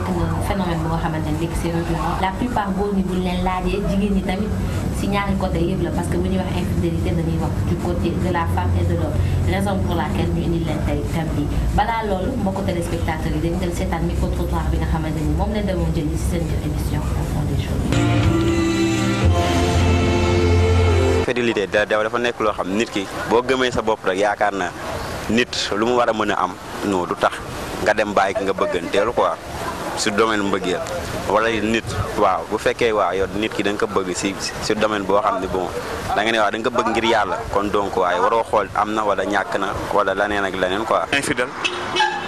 nekk na phénomène bu nga xamante ni léegi la la plupart góor ni buñ len laajee jigéen ni tamit si ñaari côté yeb la parce que bu ñuy wax infidélité dañuy wax du côté de la femme et de l'homme raison pour laquelle ñu indi leen tey thème bi balaa loolu mbokku téléspectateurs yi dañu del seetaan micro trottoir bi nga xamante mom moom lañ demoon jëli si seen biir émission au fond des choses fidélité da dafa nek lo xam nit ki bo gëmé sa bop rek yaakaar na nit lu mu war a am non du tax nga dem bàyyi nga bëgganteelu quoi sur domaine mbëggeel wala nit waaw bu fekkee waaw yow nit ki da nga ko bëgg si sur domaine boo xam ne bon da nga ne waaw da ko bëgg ngir yàlla kon donc waaye waroo xool am na wala ñàkk na wala laneen ak laneen quoi infidèle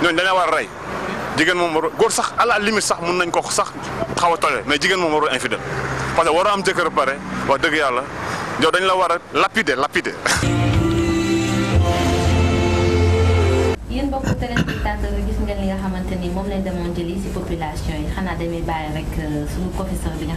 Nah dañ war ray jigen mom moom waru góor sax ala limite sax mën nañ ko sax xawa tole mais jigen mom warul infidèle parce que waroo am jëkër pare wa dëgg yalla ñoo dañ la war lapider lapider. yéen mbokku téléspectateur gis ngeen li nga lañ jëli population yi rek euh, suñu professeur bi nga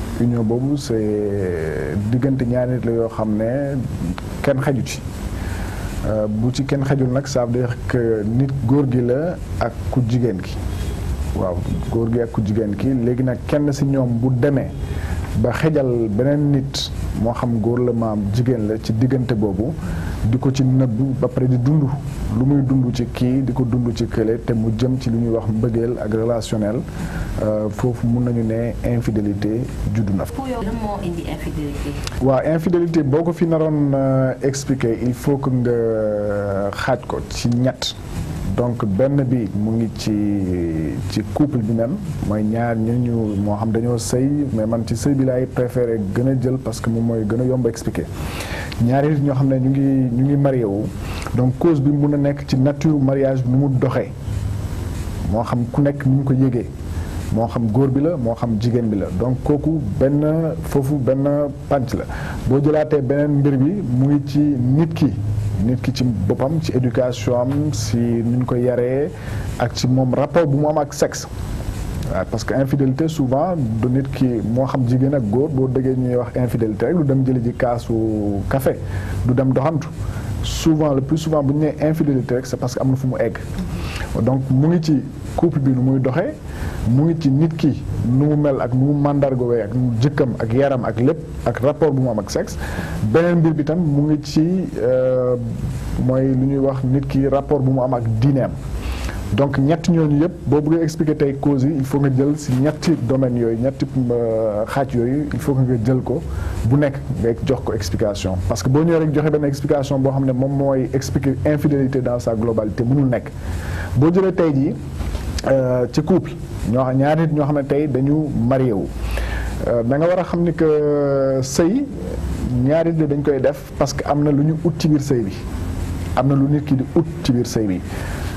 union boobu c'est diggante ñaari nit la yoo xam ne kenn xaju ci euh, bu ci kenn xajul nag ça veut dire nit góor gi la ak ku jigéen ki waaw góor gi ak ku jigéen ki léegi nag kenn si ñoom bu demee ba xejal beneen nit moo xam góor la maam jigéen la ci diggante boobu di ko ci nëbbu ba pare di dund lu muy dund ci kii di ko dund ci kële te mu jëm ci lu ñuy wax mbëggeel ak relationnel euh, foofu mun nañu ne infidélité juddu na fa. lan infidélité. boo ko fi naroon euh, expliquer il faut que nga euh, xaaj ko ci ñett. donc benn bi mu ngi ci ci couple bi nen mooy ñaar ñu ñu moo xam dañoo sëy mais man ci sëy bi laay préféré gën a jël parce que moom mooy gën a yomb expliqué ñaari nit ñoo xam ne ñu ngi ñu ngi marié wu donc cause bi mun a nekk ci nature mariage nu mu doxee moo xam ku nekk nu mu ko yëgee moo xam góor bi la moo xam jigéen bi la donc kooku benn foofu benn pànc la boo jëlaatee beneen mbir bi mu ngi ci nit ki nit ki ci boppam ci éducation am si ni ñu ko yaree ak ci moom rapport bu mu am ak sexe waaw parce que infidélité souvent du nit ki moo xam jigéen ak góor boo déggee ñuy wax infidélité rek du dem jëli ji kaasu café du dem doxantu souvent le plus souvent bu ñu nee infidélité rek parce que am na fu mu egg donc mu ngi ci couple bi nu muy doxee mu ngi ci nit ki nu mu mel ak nu mu màndargowee ak nu jëkkam ak yaram ak lépp ak rapport bu mu am ak sexe beneen mbir bi tam mu ngi ci euh, mooy lu ñuy wax nit ki rapport bu mu am ak diineem donc ñett ñooñu yëpp boo nga expliquer tey causes yi il faut nga jël si ñetti domaine yooyu ñetti euh, xaaj yooyu il faut nga jël ko bu nekk nga jox ko explication parce que boo ñëwee rek joxe benn explication boo xam ne moom mooy expliquer infidélité dans sa globalité mënul nekk boo jëlee tey jii euh, ci couple ñoo xam ñaari nit ñoo xam ne tey dañu marié wu euh, da nga war a xam ni que sëy ñaari nit dañ koy def parce que am na lu ñu ut ci biir sëy bi am na lu nit ki di ut ci biir sëy bi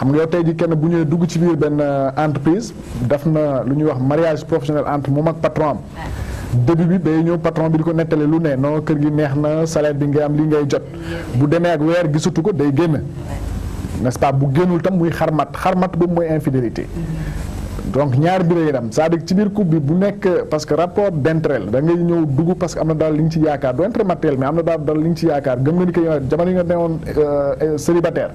xam nga yow tey jii kenn bu ñëwee dugg ci biir benn euh, entreprise def na lu ñuy wax mariage professionnel entre moom ak patron am. début bi day ñëw patron bi di ko nettali lu nee non kër gi neex na salaire bi ngay am li ngay jot bu demee ak weer gisatu ko day génn. nest pas bu génnul tam muy xarmat xarmat boobu mooy infidélité. Mm-hmm. donc ñaar bi lay am cest ci biir coupe bi bu nekk parce que rapport d'intérêt da ngay ñëw dugg parce que am na daal li nga ci yaakaar du intérêt matériel mais am na daal li nga ci gëm nga ni que jamono yi nga newoon euh, euh, célibataire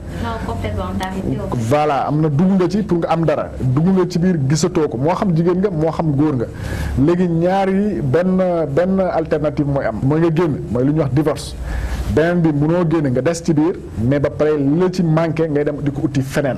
voilà am na dugg nga ci pour nga am dara dugg nga ci biir gisatoo ko moo xam jigéen nga moo xam góor nga léegi ñaari benn benn alternative mooy am mooy nga génn mooy lu ñuy wax divorce beneen bi noo génn nga des ci biir mais ba pare la ci manqué ngay dem di ko uti feneen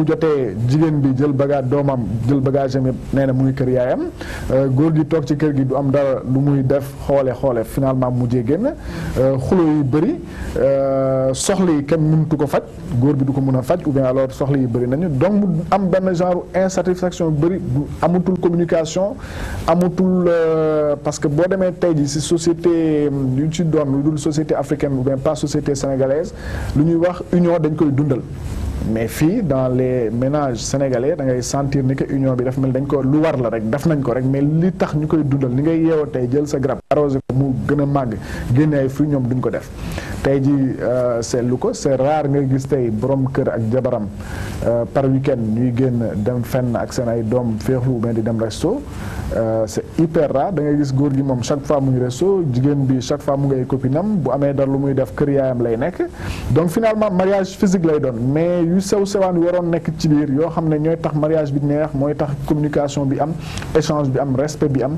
bu jotee jigéen bi jël bagage domam jël bagage am néna nee mu ngi kër yaayam euh, góor gi tok ci kër gi du am dara lu muy def xolé xolé finalement mu mujjee euh xulo yi bëri euh soxli kenn mëntu ko fajj góor bi du ko mëna fajj ou bien alors soxli yi bëri nañu donc mu am ben genre insatisfaction bëri bu amatul communication amatul euh, parce que bo démé tay ji si société euh, yu ci doon lu dul société africaine ou bien pas société sénégalaise lu ñuy wax union dañ koy dundal mais fi dans les ménages sénégalais da ngay sentir ni que union bi daf mel dañ ko lu war la rek daf nañ ko rek mais li tax ñukoy dundal ni ngay yewote jël sa grab arrosé mu gëna ay duñ ko def euh, c'est rare nga gis tay borom euh, par week-end ñuy dem fenn ak mais di dem resto euh, c'est hyper rare da chaque fois resto bi chaque fois mu bu lu muy def lay donc finalement mariage physique lay don mais yu sew waron nek ci mariage bi neex tax communication bi am échange bi am respect bi am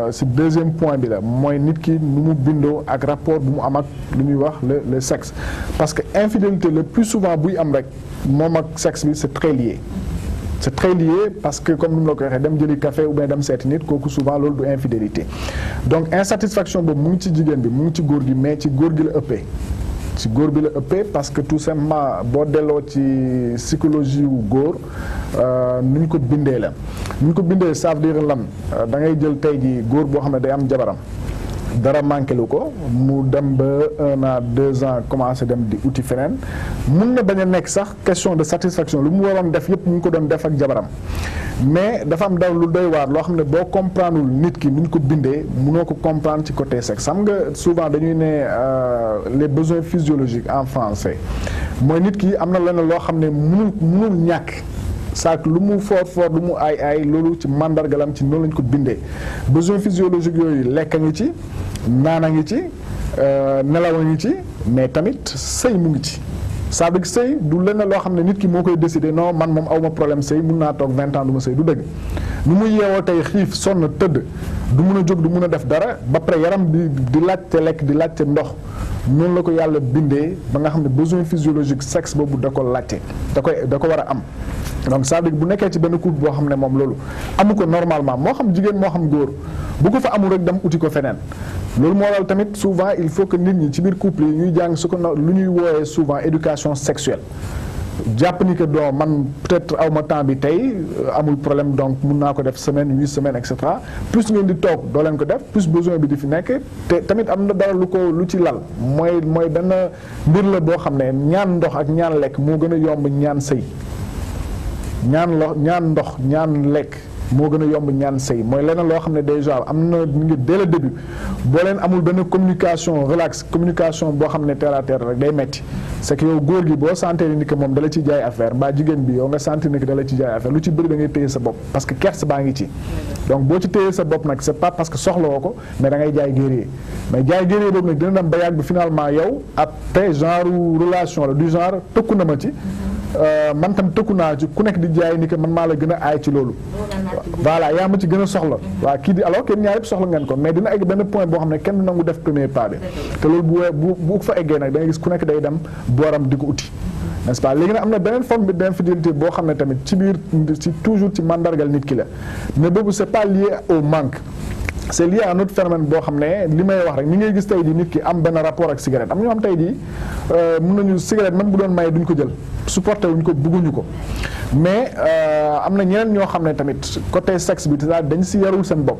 ce euh, deuxième point bi la moy nit ki numu bindo ak rapport bu mu am ak lu wax le sexe parce que infidélité le plus souvent bu am rek mom ak sexe bi c'est très lié c'est très lié parce que comme nous mu la dem jëli café ou bien dem seeti nit koku souvent loolu du infidélité donc insatisfaction boobu mu ci jigen bi mu ci gor gi mais ci gor gi la ci góor bi la ëppee parce que tout simplement boo delloo ci psychologie wu góor euh, nu ñu ko bindee la nu ñu ko bindee ça lan euh, da ngay jël tey ji góor boo xam ne day am jabaram dara manqué loko mu dem an deux ans commencé dem di uti fenen na a question de satisfaction lu mu a def yépp mu mais dafa am daw lu doy ne comprendre nit ki ko bindé mëno ko côté sexe nga souvent dañuy ne euh, les besoins physiologiques en français moy nit ki amna saak lu mu foor foor lu mu ay aay loolu ci màndargalam ci noonu lañ ko bindee besoin physiologique yooyu lekk a ngi ci naan a ngi ci euh, nelaw a ngi ci mais tamit sëy mu ngi ci ça veut dire sëy du lenn loo xam ne nit ki moo koy décidé non man moom awma problème sëy mun naa toog vingt ans du ma sëy du dëgg ni mu yeewoo tey xiif sonn tëdd du mun a jóg du mun a def dara ba pare yaram di di laajte lekk di laajte ndox noonu la ko yàlla bindee ba nga xam ne besoin physiologique sexe boobu da ko laajte da koy da ko war a am donc ça veut bu nekkee ci benn couple boo xam ne moom loolu amu ko normalement moo xam jigéen moo xam góor bu ko fa amul rek dem uti ko feneen loolu moo waral tamit souvent il faut que nit ñi ci biir couple yi ñuy jàng su ko lu ñuy wooyee souvent éducation sexuelle jàpp ni que doo man peut-être aw temps bi tey euh, amul problème donc mun naa ko def semaine huit semaines et cetera plus ngeen di toog doo leen ko def plus besoin bi di fi nekk te tamit am na dara lu ko lu ci lal mooy mooy benn mbir la boo xam ne ñaan ndox ak ñaan lekk moo gën a yomb ñaan sëy ñaan lo ñaan ndox ñaan lekk moo yomb dès le début boo leen amul communication relax communication boo xam terre à terre c'est que ni que moom dala ci jaay affaire santé ni que dala ci jaay affaire lu ci bëri da ngay téye parce que kersa baa ngi ci. donc boo ci ce sa pas parce que ko mais da ngay jaay mais jaay ba finalement yow après genre relation du genre tëkku ma Euh, man tam tëkku naa ci ku nekk di jaay ni que man maa la gën a aay ci loolu voilà yaa ma ci gën a soxla waa kii di aloo kenn ñaar yëpp soxla ngeen ko mais dina egg benn point boo xam ne kenn nangu def premier pas bi te loolu bu bu bu fa eggee nag da nga gis ku nekk day dem booram di ko uti n'est-ce pas léegi nag am na beneen forme bi d'infidélité boo xam ne tamit ci biir ci toujours ci mandargal nit ki la mais boobu c'est pas lié au manque c'est lié à un autre phénomène boo xam ne li may wax rek ni ngay gis tey di nit ki am benn rapport ak cigarette am ñoo xam tey di euh, mun nañu cigarette man bu doon maye duñ ko jël supporté wuñ ko bugguñu ko mais euh, am na ñeneen ñoo xam ne tamit côté sexe bi dañ si yarul seen bopp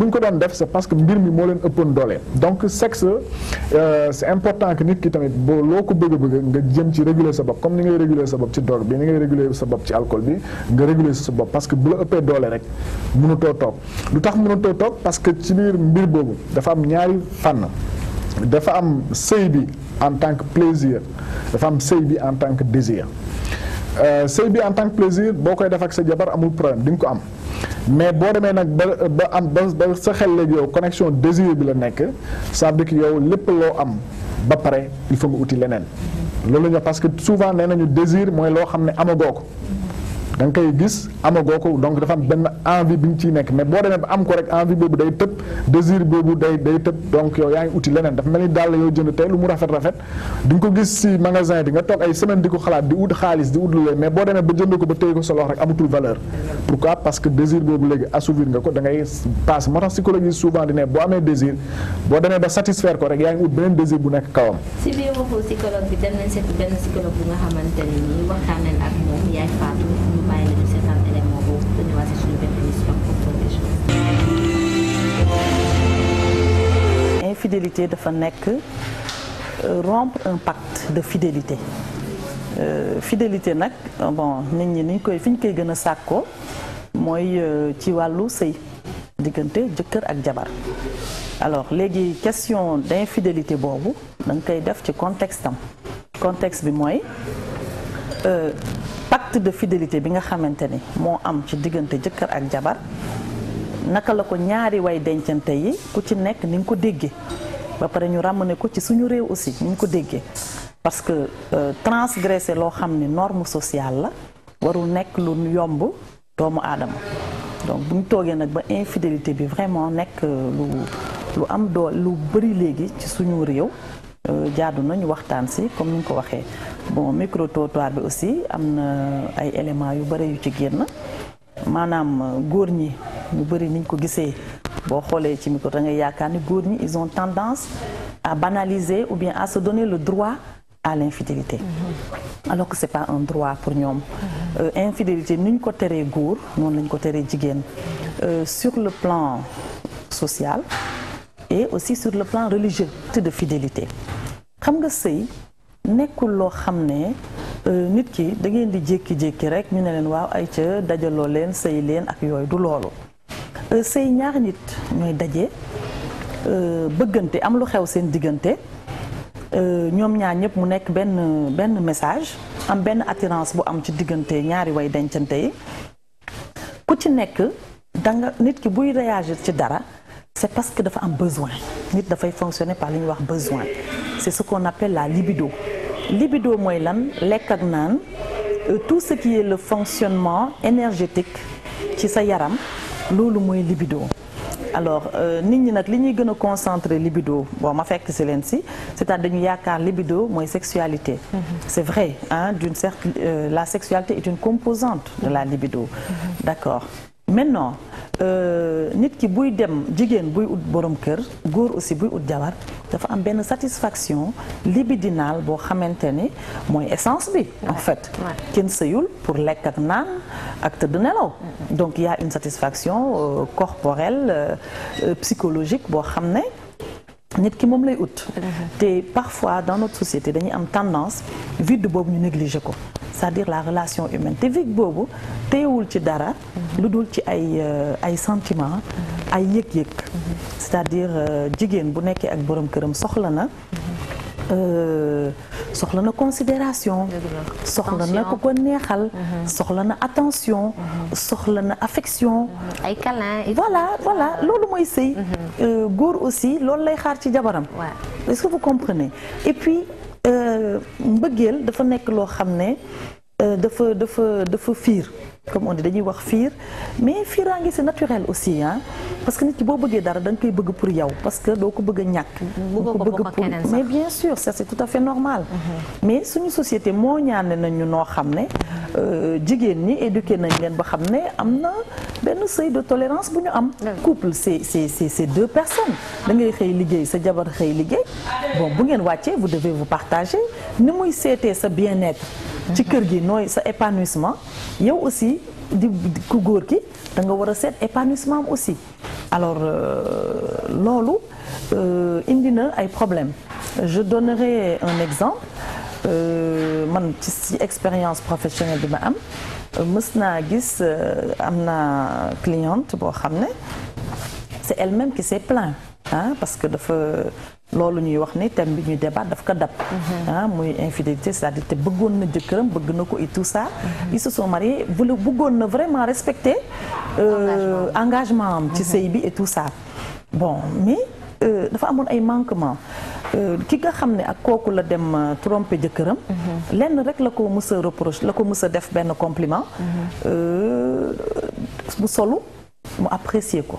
buñ ko doon def c'est parce que mbir mi moo leen ëppoon doole donc sexe euh, c'est important que nit ki tamit bo loo ko bëgg bëgg nga jëm ci réguler sa bopp comme ni ngay réguler sa bopp ci drogue bi ni ngay réguler sa bopp ci alcool bi nga réguler sa bopp parce que bu la ëppee doole rek mënutoo toog lu tax mënutoo toog parce que ci biir mbir boobu dafa am ñaari fànn dafa am sëy bi en tant que plaisir dafa am sëy bi en tant que désir Euh, sëy bi en tant que plaisir boo koy def ak sa jabar amul problème di ko am mais boo demee nag ba ba am ba sa xel léegi yow connexion désir bi la nekk ça veut que yow lépp loo am ba pare il faut nga uti leneen loolu la parce que souvent nee nañu désir mooy loo xam ne amagoo ko da koy gis amagoo ko donc dafa am benn envie bi nga ciy nekk mais boo demee ba am ko rek envie boobu day tëb désir boobu day day tëb donc yow yaa ngi uti leneen dafa mel ni daal la yow jënd tey lu mu rafet rafet di nga magasin di nga toog ay semaine di ko xalaat di ut xaalis di ut lu mais boo demee ba jënd ko ba téye ko sa loxo rek amatul valeur pourquoi parce que désir boobu léegi assouvir nga ko da ngay passe moo tax psychologue yi souvent di ne boo amee désir boo demee ba satisfaire ko rek yaa ngi ut beneen désir ne nii infidélité de nekk euh, rompre un pacte de fidélité euh, fidélité nag bon nit ñi ni koy fin ñu koy gën a sàkkoo euh, ci wàllu sëy diggante jëkkër ak alors les question d'infidélité boobu da nga def contexte am contexte de moi. pacte de fidélité bi nga xamante ni moo am ci diggante jëkkër ak jabar naka la ko ñaari way dencante yi ku ci nekk ni nga ko déggee ba pare ñu ramené ko ci suñu réew aussi ni nga ko déggee parce que euh, transgresser loo xam ni norme sociale la warul nekk lu yomb doomu aadama donc bu ñu toogee nag ba infidélité bi vraiment nekk euh, lu am doo lu bëri léegi ci suñu réew Euh, jaadu gens waxtaan si comme nous ko waxee bon micro trottoir bi aussi am na ay éléments yu sont yu ci euh, niñ ko ils ont tendance à banaliser ou bien à se donner le droit à l'infidélité mm-hmm. alors que c'est pas un droit pour nous. Mm-hmm. Euh, infidélité ko teree lañ ko sur le plan social et aussi sur le plan te de fidélité xam nga sëy nekkul loo xam ne euh, nit ki da ngeen di jékki-jékki rek ñu ne leen waaw ay ca dajaloo leen sëy leen ak yooyu du loolu euh, sëy ñaar nit ñooy daje euh, bëggante am lu xew seen diggante ñoom ñaar ñëpp mu nekk benn benn message am benn attirance bu am ci diggante ñaari way dencante yi ku ci nekk danga nit ki buy réagir ci dara c'est parce que dafa un besoin Il faut fonctionner par les besoin c'est ce qu'on appelle la libido libido c'est euh, tout ce qui est le fonctionnement énergétique c'est sa yaram libido alors euh, nit ñi nous li la libido bon ma c'est-à-dire dañu la libido la sexualité mhm. c'est vrai hein, euh, la sexualité est une composante de la libido mhm. d'accord maintenant euh, nit ki buy dem jigen buy ut borom kër gour aussi buy ut jabar dafa am bien satisfaction libidinale pour maintenir ni essence bi en fait kenn seul pour lekk acte de nello. donc il y a une satisfaction euh, corporelle euh, psychologique pour ramener nit ki moom lay out mhm. té parfois dans notre société dañuy am tendance vide bobu ñu négliger ko c'est-à-dire la relation humaine té vide bobu téewul ci dara. Mhm. lu ci ay euh, ay sentiments. Mhm. ay yek yek, cest c'est-à-dire euh, jigen bu nekké ak borom kërëm soxla na. Euh, soxla na considération soxla na ku ko neexal mhm. soxla na attention mhm. soxla na affection mhm. ay câlin voilà voilà lolu moy mooy euh góor aussi lolu lay xaar ci jabaram est-ce que vous comprenez et puis euh mbëggeel dafa nek lo xamné euh dafa dafa dafa fiir comme on dit mais c'est naturel aussi hein. parce que pour parce mais bien sûr ça c'est tout à fait normal mm-hmm. mais une société mo ñaané nañu ne euh, ba ne de tolérance am couple c'est c'est deux personnes da ngay liggéey sa jabar liggéey bon bu ngeen vous devez vous partager ni sa bien-être ci kër gi sa épanouissement yow aussi di ku ki da nga a épanouissement aussi alors il euh, euh, indi a ay problème. je donnerai un exemple euh, man ci expérience professionnelle de ma am musna cliente c'est elle-même qui s'est plaint hein, parce que lolu ñuy wax ni thème bi ñu débat daf ko dab mhm. ah muy infidélité c'est-à-dire te bëggoon na jëkërëm bëgg na et tout ça mhm. ils se sont mariés voulu bëggoon na vraiment respecter euh, engagement ci mhm. sey bi et tout ça bon mais euh, dafa amone ay manquement euh, ki nga xamné ak koku la dem tromper jëkërëm lenn rek la ko mës reproche la ko mës def ben compliment mu solo mu apprécier ko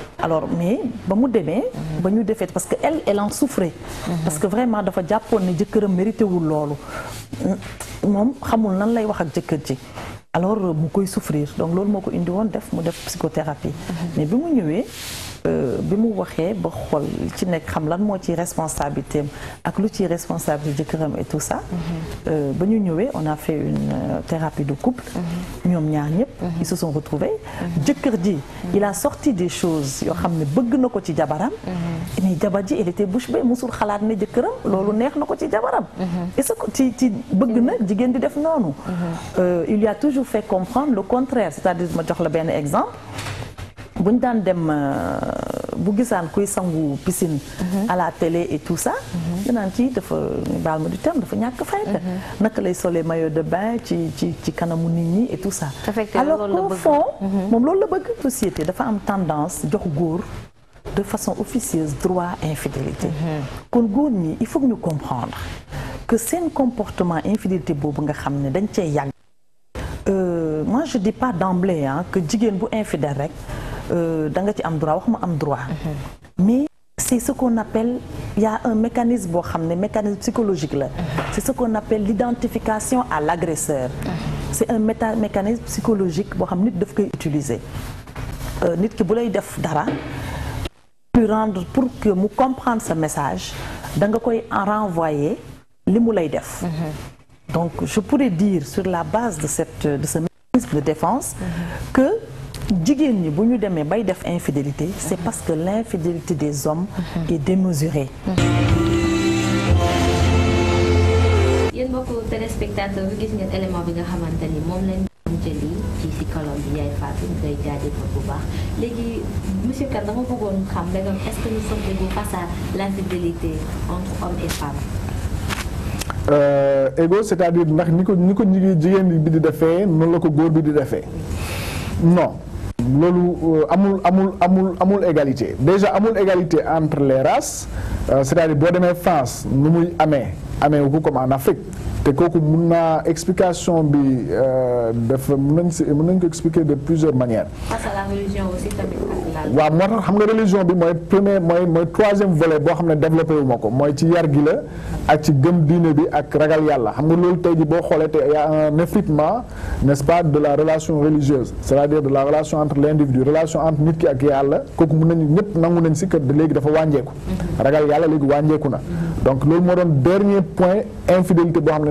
alors mais ba mu demee ba ñu defee parce que elle elle en souffrait parce que vraiment dafa jàppoon ne jëkkëram mérité wul ou l'or, xamul nan lay wax ak ji alors mu koy souffrir donc loolu moo ko indi woon def mu def psychothérapie mais bi mu ñëwee euh, bi mu waxee ba xol ci nek xam lan mo ci responsabilité ak lu ci responsabilité jëkkëram et tout ça. Mhm. Euh, ba ñu ñëwee on a fait une euh, thérapie de couple. Mhm. ñoom ñaar ñëpp. Mhm. ils se sont retrouvés. jëkkër il a sorti des choses yo xam ne bëgg na ci jabaram. mais jabar ji il était bouche bée musul xalaat né jëkkëram lolu neex nako ci jabaram. est-ce que ci ci bëgg na jigen di def euh il lui a toujours fait comprendre le contraire c'est-à-dire ma jox la ben exemple bu daan dem euh, bu gisaan kuy sangu piscine. Mhm. à la télé et tout ça. danaan mhm. kii dafa baal ma du terme dafa ñàkk fayda mhm. naka lay solee maillot de bain ci ci ci kanamu nit ñi et tout ça. alors qu'au fond moom loolu la bëgg société dafa am tendance jox góor. de façon officieuse droit infidélité. kon góor ñi il faut que ñu comprendre que seen comportement infidélité boobu nga xam ne dañ cee yàgg. Euh, moi je dis pas d'emblée hein que jigéen bu infidèle rek. Euh, da droit mhm. mais c'est ce qu'on appelle il y a un mécanisme mécanisme psychologique mhm. c'est ce qu'on appelle l'identification à l'agresseur. Mhm. c'est un mécanisme psychologique qu'on xam utiliser euh, pour rendre pour que mu comprendre ce message da nga en renvoyer les donc je pourrais dire sur la base de cette de ce mécanisme de défense que jigéen ni bu ñu demee bay def infidélité c'est parce que l'infidélité des hommes mhm. est démesurée mhm. yéen mbokku téléspectateur bi gis ngeen élément bi nga xamante mom moom lañ jëli ci si kolom bi yaay Fatou ñu koy jaajëfal bu baax léegi monsieur Kane dama bëggoon xam nga est-ce que nous sommes debout face à l'infidélité entre hommes et femmes ego euh, c'est-à-dire ndax ni ko ni ko jigéen bi di defee noonu la ko góor bi di defee non loolu euh, amul amul amul amul égalité déjà amul égalité entre les races euh, c'est-à-dire de demee France nous muy amee amee comme en Afrique te kooku explication bi euh, dafa mun nañ si ko expliquer de plusieurs manières. face à religion aussi tamit xam nga religion bi moy premier moy moy troisième volet bo xamné développer développé wu ma ko ci yar gi la ak ci gëm diine bi ak ragal yalla xam nga loolu tey ji boo xoolee te y a un effritement n'est-ce pas de la relation religieuse c'est-à-dire de la relation entre l'individu relation entre nit ki ak yalla kooku mën nañu ñep nangu nañ si que légui dafa wàññeeku. Mm-hmm. ragal yalla légui wàññeeku na. donc lolou moo dernier point infidélité bo xam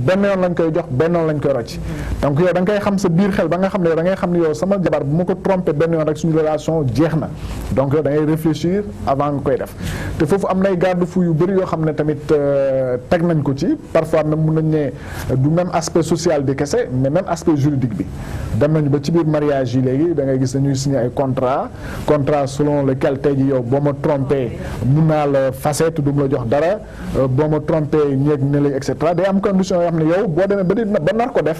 benn yoon lañ koy jox benn yoon lañ koy rocc donc yow da nga xam sa biir xel ba nga xam ne da ngay xam ne yow sama jabar bu ma ko trompé benn yoon rek suñu relation jeex na donc yow da ngay réfléchir avant nga koy def te foofu am nay garde-fou yu bëri yoo xam ne tamit euh, teg nañ ko ci parfois même mun nañ ne euh, du même aspect social bi kese mais même aspect juridique bi dem nañu ba ci biir mariage yi léegi da ngay gis dañuy signé ay contrat contrat selon lequel tey ji yow boo ma trompé mun naa la fase du ma la jox dara euh, boo ma trompé ñeeg ne la et cetera day am condition xam ne yow boo demee ba di ba nar ko def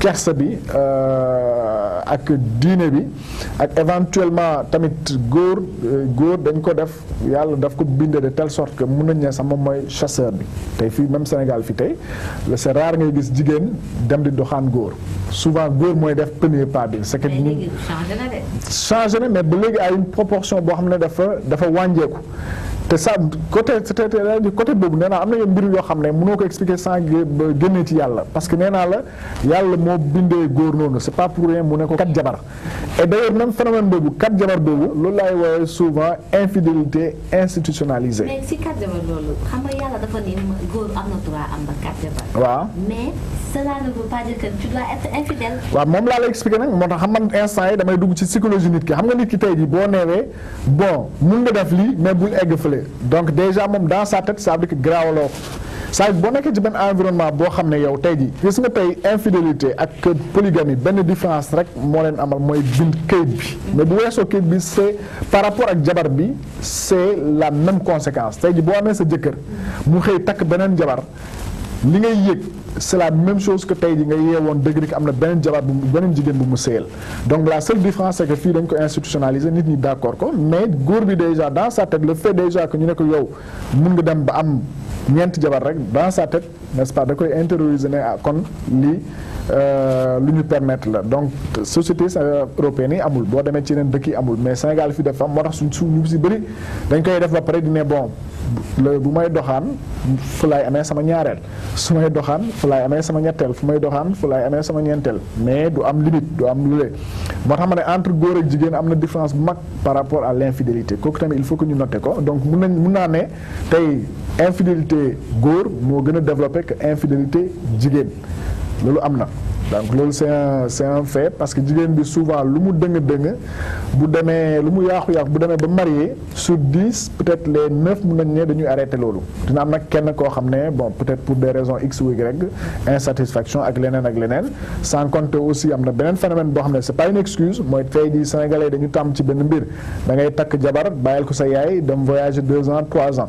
kersa bi euh, ak diine bi ak éventuellement tamit góor euh, góor dañ ko def yàlla daf ko binde de telle sorte que mën nañ ne moom mooy chasseur bi tey fii même Sénégal fi tey c'est rare ngay gis jigéen dem di doxaan góor souvent góor mooy def premier pas bi c'est que ñu changé na mais ba léegi une proportion boo xam ne dafa dafa wàññeeku te ça côté cest côté boobu nee naa am na yenn mbir yoo xam ne mënoo ko expliquer sans génnee ci yàlla parce que nee naa la yàlla moo bindee góor noonu c'est pas pour rien mu ne ko kat jabar et d'ailleurs même phénomène boobu kat jabar boobu loolu laay woowee souvent infidélité institutionnalisée. mais si kat jabar loolu xam nga yàlla dafa ne waaw moom laa lay expliquer nag moo tax man instant yi damay dugg ci psychologie nit ki xam nga nit ki tey jii boo neewee bon mun nga lii mais bul egg fële. donc déjà moom dans sa tête ça veut dire que garaawaloo ça saa boo ci ben environnement bo xamné yow tey ji gis nga tey infidélité ak polygamie ben différence rek mo len amal moy bind këyit bi mais bu wesso këyit bi c'est par rapport ak jabar bi c'est la même conséquence tey ji boo amee sa jëkkër mu xey tak benen jabar c'est la même chose que tay nga yeewoon rek bu donc la seule différence c'est que fii dañ ko institutionnaliser d'accord mais déjà dans sa tête le fait déjà que ñu ne ko yow dem dans sa tête n'est-ce pas euh, Lui permettre là. donc société européenne amul boo demee ci yeneen dëkk amul mais Sénégal fi dafa femmes moo tax suñ suñ ñu si bëri dañ koy def ba pare di ne bon bu may doxaan fu laay amee sama ñaareel su may doxaan fu laay amee sama ñetteel fu may doxaan fu laay sama ñeenteel mais du am limite du am lu lee moo entre ma ne entre góor ak jigéen différence bu par rapport à l'infidélité kooku il faut que ñu notions. ko donc mun nañ mun naa infidélité Gore, moo gën a développé que infidélité jigéen lolu amna donc lolu c'est un c'est un fait parce que jigéen bi souvent lu mu dëng dëng bu demee lu mu yaaxu-yaaxu bu démé ba marié sur 10 peut-être les 9 mun nañ ne dañuy arrêté lolu dina am nak kenn ko xamné bon peut-être pour des raisons x ou y insatisfaction ak leneen ak leneen sans compter aussi amna benen phénomène bo xamné c'est pas une excuse moy tay di sénégalais dañu tam ci benn mbir da ngay tak jabar bayal ko sa yaay dem voyager 2 ans 3 ans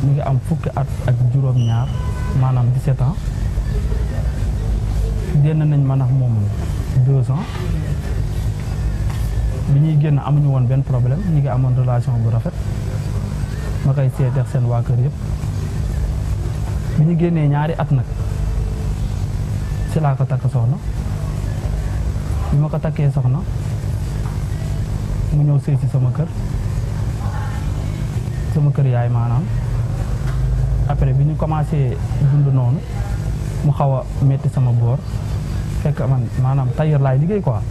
mi ngi am fukki at ak juróom-ñaar maanaam 17 ans génn nañ man ak moom deux ans bi ñuy génn amuñu woon benn problème ñu ngi amoon relation bu rafet ma koy seeteex seen waa kër yëpp bi ñu génnee ñaari at nag si laa ko takk soxna bi ma ko takkee soxna mu ñëw sëy si sama kër sama kër yaay maanaam après biñu commencé dund non mu xawa metti sama bor fekk man manam tailleur lay liggéey quoi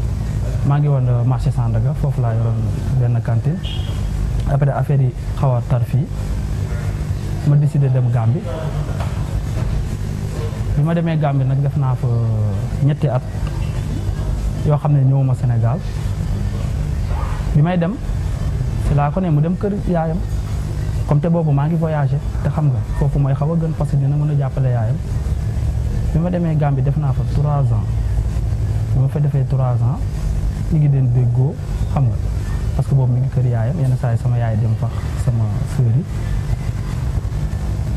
ma ngi won euh, marché Sandaga fofu la yoron ben cantine après affaire yi xawa a tar fii ma décider dem gambi bima démé gambi nak def na fa euh, ñetti at yo xamné ñewuma Sénégal bi dem c'est laa ko ne mu dem kër yaayam comme te bobu ma ngi voyagé te xam nga fofu moy xawa gën parce que dina mëna jappalé yaayam bima démé Gambie def na fa 3 ans bima fa défé 3 ans ñi ngi den déggo xam nga parce que bobu mi ngi kër yaayam yenn saa sama yaay dem fa sama sœur yi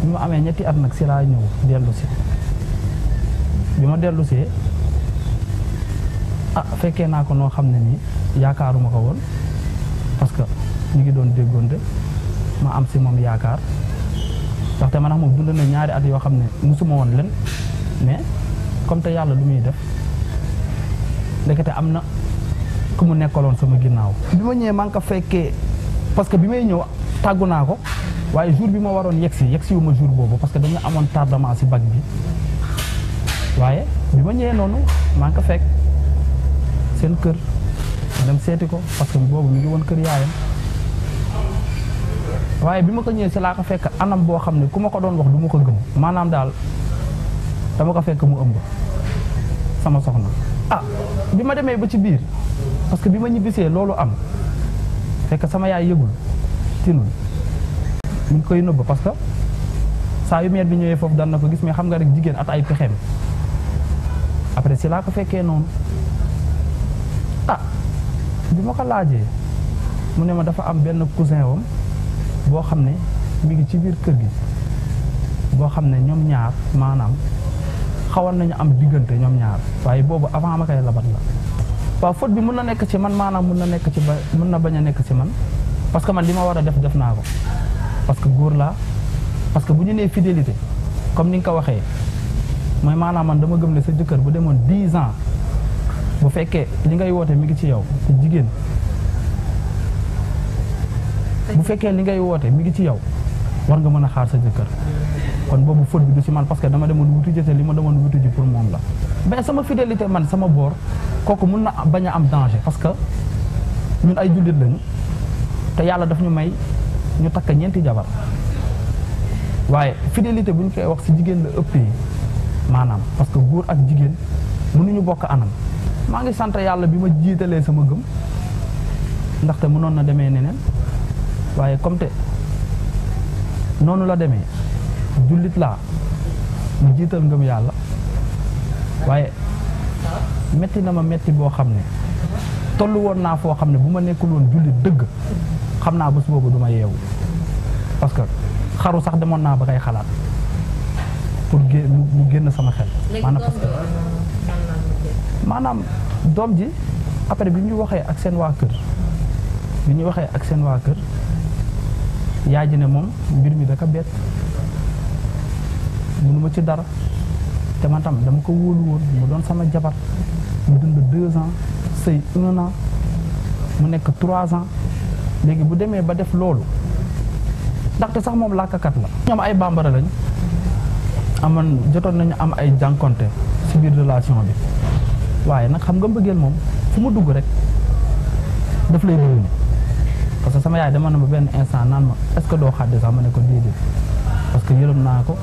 bima amé ñetti at nak ci la ñëw dellu ci bima ma ci ah fekkee na ko no xamné ni nii yaakaaruma ko won parce que ñi ngi don déggoon de ma am si moom yaakaar ndaxte man ak moom dund na ñaari at yoo xam ne musuma woon leen mais comme te yàlla lu muy def ndekete am na ku mu nekkaloon sama ginnaaw. bi ma ñëwee maa ko fekkee parce que bi may ñëw tàggu naa ko waaye jour bi ma waroon yegsi yegsi wu ma jour boobu parce que dañu amoon tardement si bag bi waaye bi ma ñëwee noonu maa ngi ko fekk seen kër ma dem seeti ko parce que boobu mu ngi woon kër yaayam. waye bima ko ñëw ci la ko fekk anam bo xam ne ko doon wax duma ko gëm manam dal dama ko fekk mu ëmb sama soxna ah bima démé ba ci biir parce que bima ñibissé lolu am fekk sama yaay yëgul tinul ñu koy nëbb parce que sa yu meer bi ñëwé fofu dan na ko gis mais xam nga rek jigen at ay pexem après ci la ko fekké non ah bima ko laajee mu ne ma dafa am benn cousin wam boo xam ne mi ngi ci biir kër gi boo xam ne ñoom ñaar maanaam xawoon nañu am diggante ñoom ñaar waaye boobu avant ma koy labat la waa faute bi mun na nekk ci man maanaam mun na nekk ci ba mun na bañ a nekk ci man parce que man di ma war a def def naa ko parce que góor laa parce que bu ñu nee fidélité comme ni nga ko waxee mooy maanaam man dama gëm ne sa jëkkër bu demoon 10 an bu fekkee li ngay woote mi ngi ci yow te jigéen bu fekke li ngay wote mi ngi ci yow war nga mën xaar sa jëkkër kon bobu faute bi du ci man parce que dama demoon wutu jëte li ma demoon wutu ji pour mom la mais sama fidélité man sama bor koku mun baña am danger parce que ñun ay jullit lañu te yalla daf ñu may ñu tak ñenti jabar waye fidélité buñ koy wax ci jigen la ëppee manam parce que goor ak jigéen ñu bokk anam ma ngi sante yalla bima jitalé sama gëm ndaxte mënon na démé neneen waaye comme te noonu la demee jullit laa mu jiital ngëm yàlla waaye metti na ma metti boo xam ne tollu woon naa foo xam ne bu ma nekkul woon jullit dëgg xam naa bés boobu du ma yeewu parce que xaru sax demoon naa ba kay xalaat pour gé mu génn sama xel maanaam doom ji après bi ñu waxee ak seen waa kër bi ñuy waxee ak seen waa kër yaay ji ne moom mbir mi daka ka bett mënu ma ci dara te ma tam dama ko wóolu woon mu doon sama jabar mu dund deux ans sëy un an mu nekk trois ans léegi bu demee ba def loolu ndaxte sax moom làkkakat la ñoom ay bambara lañ amoon jotoon nañu am ay jànkonte ci biir relation bi waaye nag xam nga mbëggeel moom fu mu dugg rek daf lay bëgg parce que sama yaay dama ne ma benn instant naan ma est que doo xaddi sax ma ne ko déedéet parce que yërëm naa ko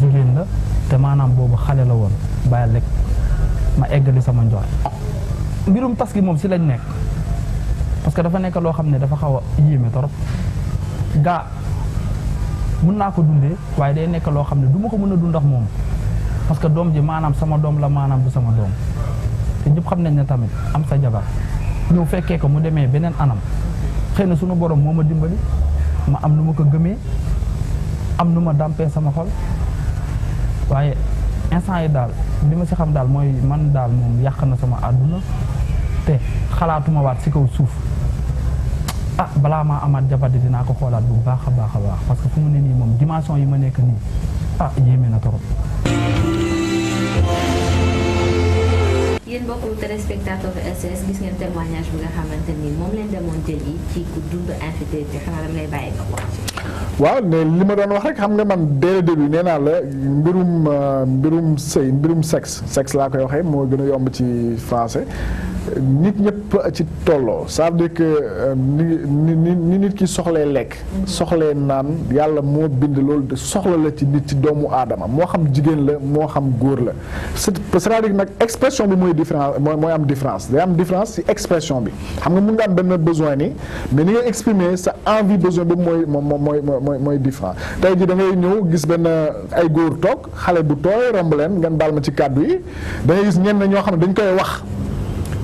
jigéen la te maanaam boobu xale la woon bàyyi lekk ma eggali sama njoor mbirum tas gi moom si lañ nekk parce que dafa nekk loo xam ne dafa xaw a yéeme torop gaa mun naa ko dundee waaye day nekk loo xam ne du ma ko mën a dund ndax moom parce que doom ji maanaam sama doom la maanaam du sama doom te ñëpp xam nañ ne tamit am sa jabar ñëw fekkee ko mu demee beneen anam xëy na sunu borom moo ma dimbali ma am nu ma ko gëmee am nu ma dàmpee sama xol waaye instant yi daal li ma si xam daal mooy man daal moom yàq na sama àdduna te xalaatuma waat si kaw suuf ah balaa maa amaat jabar dinaa ko xoolaat bu baax a baax a baax parce que fu mu ne nii moom dimension yi ma nekk nii ah yéeme na torop waaw li ma doon wax rek xam nga man dès le début nee naa la mbirum euh, sëy mbirum sex sexe laa koy waxee moo gën a yomb ci français. nit ñëpp ci tolloo ça veut dire que euh, ni ni nit ki soxlee lekk mhm. soxlee naan yàlla moo bind loolu soxla la ci nit ci doomu aadama moo xam jigéen la moo xam góor la c'est-à-dire nag expression bi mooy différence mooy am différence day am différence ci expression bi xam nga mun nga am benn besoin ni mais ni ngay exprimer sa envie besoin boobu mooy mooy mooy mooy différent tey ji da ngay ñëw gis benn euh, ay góor toog xale bu tooy romb leen ngeen baal ma ci kàddu yi da ngay gis ñenn ñoo xam ne dañ koy wax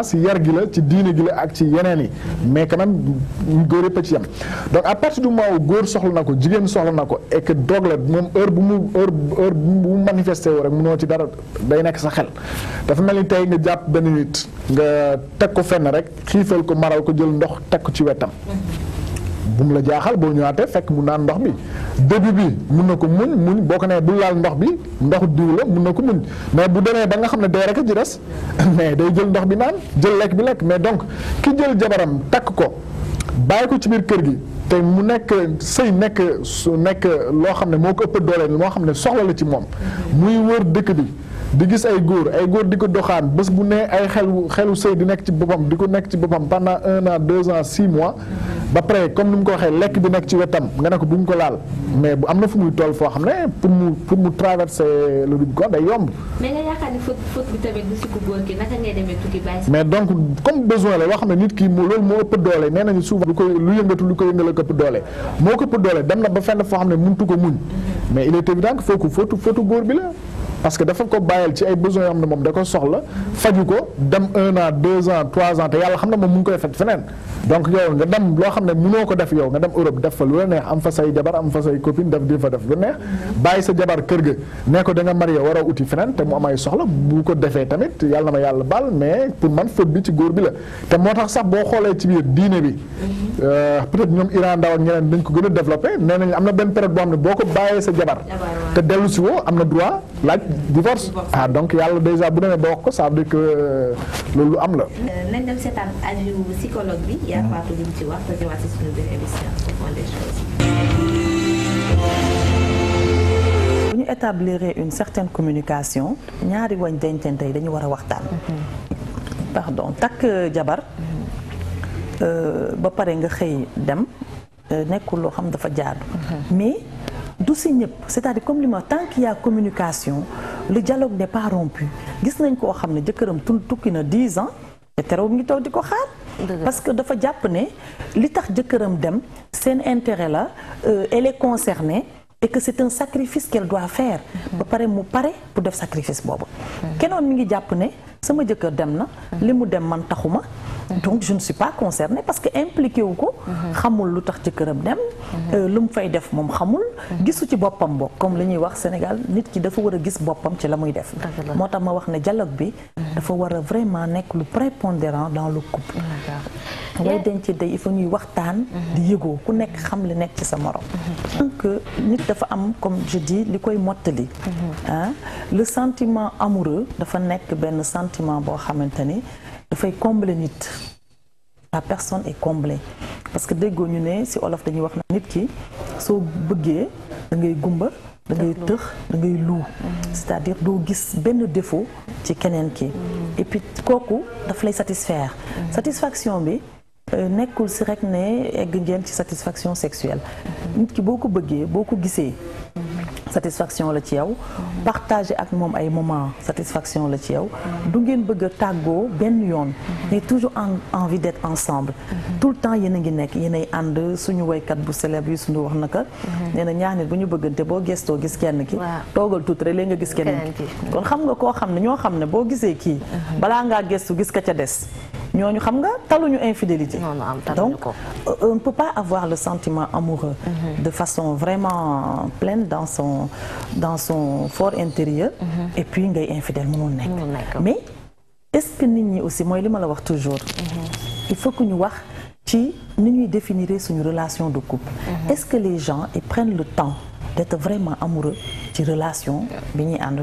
différence si yar gi la ci diine gi la ak ci yeneen yi mais quand même góor yëpp a ci yem donc à du moment góor soxla na ko jigéen soxla na ko et que doog la moom heure bu mu heure heure bu mu manifesté wu rek munoo ci dara day nekk sa xel dafa mel ni tey nga jàpp benn nit nga teg ko fenn rek xiifal ko maral ko jël ndox teg ko ci wetam. bu mu la jaaxal boo ñëwaatee fekk mu naan ndox bi début bi mun na ko muñ muñ boo ko nee bu laal ndox bi ndoxu diw la mun na ko muñ mais bu demee ba nga xam ne dee rek a ji des mais day jël ndox bi naan jël lekk bi lekk mais donc ki jël jabaram takk ko bàyyi ko ci biir kër gi te mu nekk sëy nekk su nekk loo xam ne moo ko ëpp doole moo xam ne soxla la ci moom muy wër dëkk bi di gis ay góor ay góor diko doxane doxaan bu ne ay xelu xelu sëy di nekk ci bopam diko ko ci bopam pendant 1 an 2 ans 6 mois ba pare comme ni ko waxee lek bi nekk ci wetam nga ne ko bu ñu ko laal mais bu am na fu muy toll foo xam pour mu pour mu traverser le Rubicon day yomb. mais nga yaakaar foot foot bi tamit du ci ku góor gi naka ngay demee tukki bay mais donc comme besoin la wax xam nit ki mu loolu moo ëpp doole nee nañu souvent lu koy lu yëngatu lu ko yëngale ko ëpp doole moko ko ëpp doole dem na ba fenn fo xam ne mëntu ko muñ mais il est évident que foofu footu footu góor bi la parce que dafa ko bàyyil ci ay besoins yoo xam moom da ko soxla faju ko dem un an deux ans trois ans te yàlla xam ne moom mu koy faj feneen donc yow nga dem loo xam ne mënoo ko def yow nga dem Europe def fa lu la neex am fa say jabar am fa ko da nga war a uti feneen te mu am ay soxla bu ko defee tamit yàlla na ma yàlla baal mais pour man faute bi ci góor bi moo tax sax boo xoolee ci biir diine bi euh, peut-être ñoom Iran Ndaw ak ñeneen dañ ko gën nee nañ am na benn période boo xam ne boo ko bàyyee sa jabar te dellu si woo am na droit laaj divorce ah donc yalla déjà bu demee ba ça veut dire que euh, lolu am la. Euh, nañ dem seetaan aju psychologue bi. yaa Fatou li ci wax te ñëwaat si suñu biir émission des choses. bu ñu établir une certaine communication ñaari wañ dencante yi dañu wara a waxtaan. pardon tak jabar. euh ba paré nga xey dem euh, nekkul lo xam dafa jaar mhm. mais du si c'est-à-dire comme li tant qu'il y a communication le dialogue n'est pas rompu gis nañ koo xam ne jëkkëram tun tukki 10 ans te terew mi ngi toog di ko xaar parce que dafa jàpp ne li tax jëkkëram dem seen intérêt la euh, elle est concernée et que c'est un sacrifice qu'elle doit faire mm-hmm. ba pare mu pare pour def sacrifice boobu mm-hmm. kenoon mi ngi jàpp ne sama jëkkër dem na li mu dem man taxuma donc je ne suis pas concernée parce que impliqué ou quoi, xamul lu tax jëkkëram dem. Mhm. Euh, lu mu fay def moom xamul. Mhm. gisu ci bopam bok comme liñuy wax Sénégal nit ki dafa wara a gis boppam ci lamuy def. moo ma wax né dialogue bi. Mhm. dafa wara vraiment nek lu prépondérant dans le couple. ngay denc day il faut ñuy waxtaan. di yego ku nek xam li nek ci sa morom. donc nit dafa am comme je dis likoy koy hein le sentiment amoureux dafa nek ben sentiment bo xamante faut combler la personne est comblée parce que ils ñu né si olof dañuy wax na nit ki so de da ngay gumba da ngay da ngay mm-hmm. c'est-à-dire do gis ben défaut ci kenen ki mm-hmm. et puis kooku da fay satisfaire mm-hmm. satisfaction bi euh, nekkul ci rek ne egg ngeen ci satisfaction sexuelle nit ki beaucoup bëggé satisfaction la ci yow partager ak mom ay moment satisfaction la ci yow du ngeen bëgg taggo ben benn yoon mais toujours en envie d'être ensemble tout le temps yéen a ngi nek yéen ay and suñu kat bu célèbre yu suñu wax naka mhm. neena na ñaar nit bu ñu bëggante boo gestoo gis kenn ki togal tout rek léegi nga gis kenn ki kon xam nga ko xamne ño xamne bo gisé ki mhm. bala nga gesto gestu gis ka ca des ñoñu xam nga infidélité donc euh, on ne peut pas avoir le sentiment amoureux mhm. de façon vraiment pleine dans son dans son fort intérieur mhm. et puis ngay infidèle mais est-ce que nous ñi aussi la wax toujours mhm. il faut que ñu wax ci ñuy relation de couple est-ce que les gens ils prennent le temps d'être vraiment amoureux ci relation bi en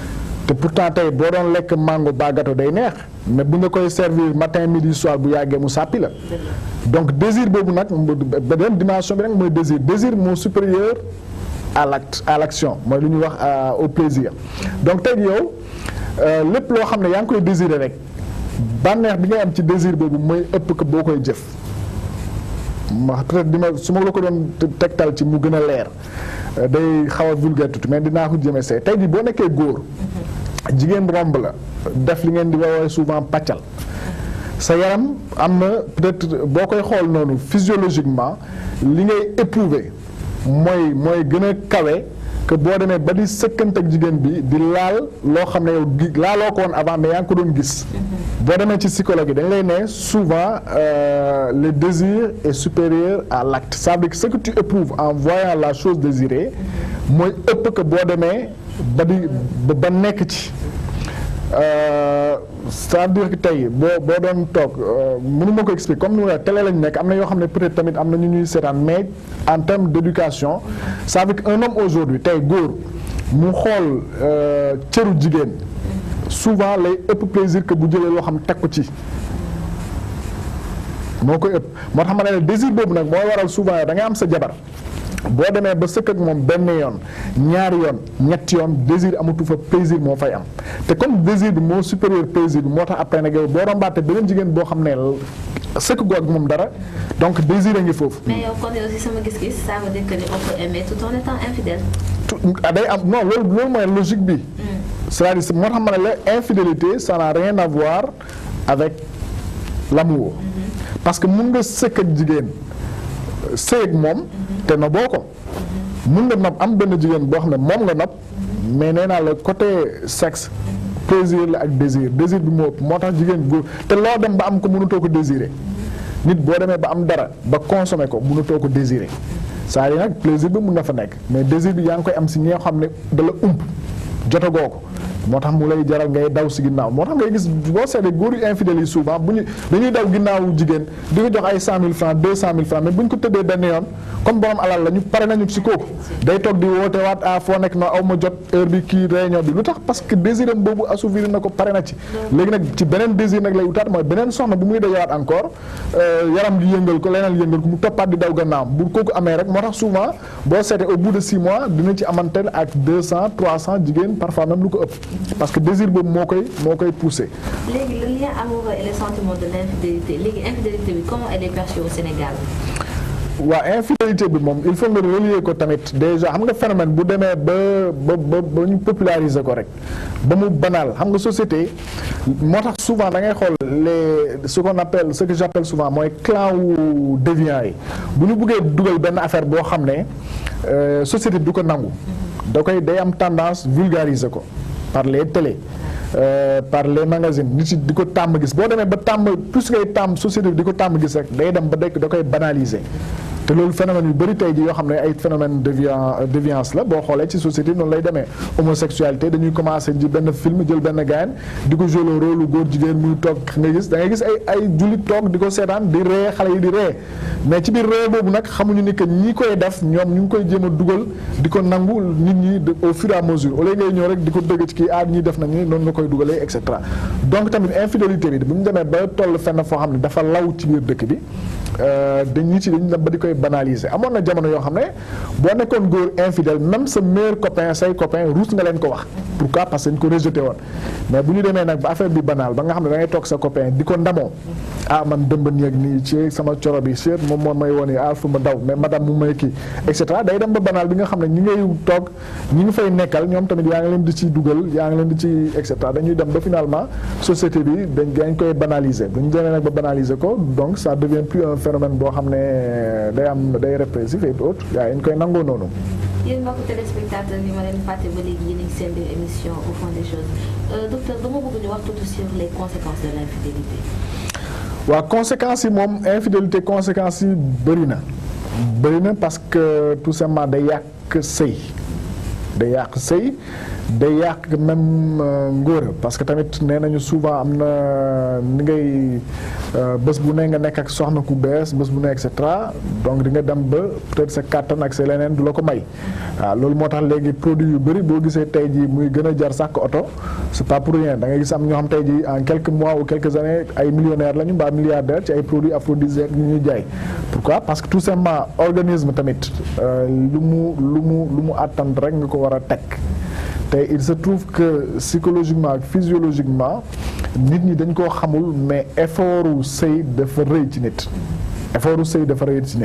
te pourtant tey boo doon lekk mango ba day neex mais bu nga koy servir matin midi soir bu yàggee mu sàppi la donc désir boobu nag beneen dimension bi rek mooy désir désir moo supérieur à l'acte à l'action mooy lu ñuy wax euh, au plaisir donc tey yow euh, lépp loo xam ne yaa ngi koy désirer rek bànneex bi ngay am ci désir boobu mooy ëpp ko boo koy jëf ma peut-être dima su ma la ko doon tegtal ci mu gën a leer euh, day xaw a vulgaire tuuti mais dinaa ko jëmee see tey jii boo nekkee góor jigéen romb la def li ngeen di woowee souvent pàccal sa yaram am na peut-être boo koy xool noonu physiologiquement li ngay éprouver mooy mooy gën a kawe que boo demee ba di sëkkante ak jigéen bi di laal loo xam ne yow gi laaloo ko woon avant mais yaa ngi ko doon gis. boo demee ci psychologue yi dañ lay ne souvent euh, le désir est supérieur à l'acte ça veut dire que ce que tu éprouves en voyant la chose désirée mooy ëpp que boo demee ba ba nekk ci euh, c'est-à-dire que tey boo boo doon toog euh, mënu ma ko expliquer comme ni la télé lañ nekk am na yoo xam ne peut-être tamit am na ñu ñuy seetaan mais en termes d'éducation ça veut dire qu'un homme aujourd'hui tey góor mu xool euh, cëru jigéen souvent lay ëpp plaisir que bu jëlee loo xam teg ko ci moo koy ëpp moo tax ma ne désir boobu nag moo waral souvent da ngay am sa jabar bo demee ba sëkk ak mom benn yoon ñaari yoon ñetti yoon désir amatu fa plaisir moo fay am te comme désir bi moo supérieur plaisir bi moo tax après nag yow boo rombaate beneen jigéen boo xam ne sëkk goog moom dara donc désir a ngi foofu. mais yow kon aussi sama gis-gis ça veut dire que on peut aimer tout en étant infidèle. Ah, day am non loolu loolu mooy logique bi. Hmm. c'est-à-dire moo tax ma ne la infidélité ça n'a rien à voir avec l'amour. Hmm. parce que mun nga sëkk ak jigéen sëy ak moom. te noboo ko mun nga nob am benn jigéen boo xam ne moom nga nob mais nee naa la côté sexe plaisir la ak désir désir bi moo ëpp moo tax jigéen góor te loo dem ba am ko mënutoo ko désirer nit boo demee ba am dara ba consommer ko mënutoo ko désirer saa yi nag plaisir bi mun na fa nekk mais désir bi yaa ngi koy am si ñi nga xam ne dala ump jotagoo ko moo tax mu lay jaral ngay daw si ginnaaw moo tax ngay gis boo seetee góor yu infidèles yi souvent bu ñu dañuy daw ginnaawu jigéen di ko jox ay 100000 francs 200000 francs mais bu ñu ko tëddee benn yoon comme borom alal la ñu pare nañu si kooku day toog di woote ah foo nekk noonu aw jot heure bi kii réunion bi lu tax parce que désiram boobu assouvir na ko pare na ci. léegi nag ci beneen désir nag lay utaat mooy beneen soxna bu muy dajawaat encore euh, yaram di ko leneen yëngal ko mu toppaat di daw gannaawam bu kooku de jigéen parfois même ko parce que désir de moo koy pousser. koy poussé. le et le sentiment de l'infidélité comment elle est perçue au Sénégal. Wa infidélité bi il faut me relier ko tamit déjà xam nga phénomène bu démé ba ba ba populariser ko rek ba mu banal xam nga société motax souvent da ngay xol les ce qu'on appelle ce que j'appelle souvent moy clan ou déviant yi bu ñu bëggee affaire bo xamné euh société du ko da koy day am tendance vulgariser ko par les télé euh, par les magazines nit yi di ko tàmm gis boo demee ba tàmm plus ngay tàmm société di ko tàmm gis rek day dem ba dekk da koy banaliser te loolu phénomène yu bëri tey ji yoo xam ne ay phénomène euh, déviance la boo xoolee ci société noonu lay demee homosexualité dañuy commencé ji benn film jël benn gaayan di ko góor jigéen muy toog nga gis da gis ay ay jullit toog di ko seetaan di ree xale yi di ree mais ci biir ree boobu nag xamuñu ni que ñi koy def ñoom ñu ngi koy jéem a dugal di ko nangu nit ñi au fur et à mesure au lieu ngay ñëw rek di ko dëgg ci kii ah ñi def nañu noonu nga koy dugalee et cetera donc tamit infidélité bi bu ñu demee ba foo xam ne dafa law ci biir dëkk bi euh, dañ di koy koy banaliser amoon na jamono yo xamné bo boo goor infidèle même sa meilleur copain say copain ruus nga len ko wax pourquoi parce que dañ ko rejeté mais buñu démé nak ba affaire bi banal ba nga xamné da ngay tok sa copain diko ndamo ah man dëmba ni ak ni ci sama coro bi seet mom moo may woni ah ma daw mais madame mu may ki et cetera day dem ba banal bi nga xamné ñi ngay tok ñi ngi fay nekkal ñom tamit ya nga len di ci duggal ya nga len di ci et cetera dañuy dem ba finalement société bi dañ dañ koy banaliser buñu démé nak ba banaliser ko donc ça devient plus un phénomène bo xamné day am day repressive et autres gars yi ñu koy nangoo noonu. yéen mbokku téléspectateurs yi ma leen fàtte ba léegi yéen a ngi seen biir émission au fond des choses docteur dama bëgg ñu wax tuuti sur les conséquences de l' infidélité. consequências conséquences yi moom infidélité conséquences yi bëri na. bëri na parce que tout simplement day yàq sëy day yàq sëy. day yak même euh, ngor parce que tamit nenañu souvent amna ni ngay euh, bëss bu ne nga nek ak soxna ku bëss bëss bu ne etc donc di nga dem ba peut-être sa kàttan ak sa lenen du lako may waaw loolu moo produit yu bëri bo gisé tay ji muy gëna jar sak auto c'est pas pour rien da nga gis am ñoo xam tay ji en quelques mois ou quelques années ay millionnaires lañu ba milliardaires ci ay produits aphrodisiaques ñu ñuy jaay pourquoi parce que tout simplement organisme tamit lumu euh, lumu lumu mu rek nga ko wara tek Et il se trouve que psychologiquement physiologiquement nous ne dañ pas, xamul mais effortu sëy dafa rëy ci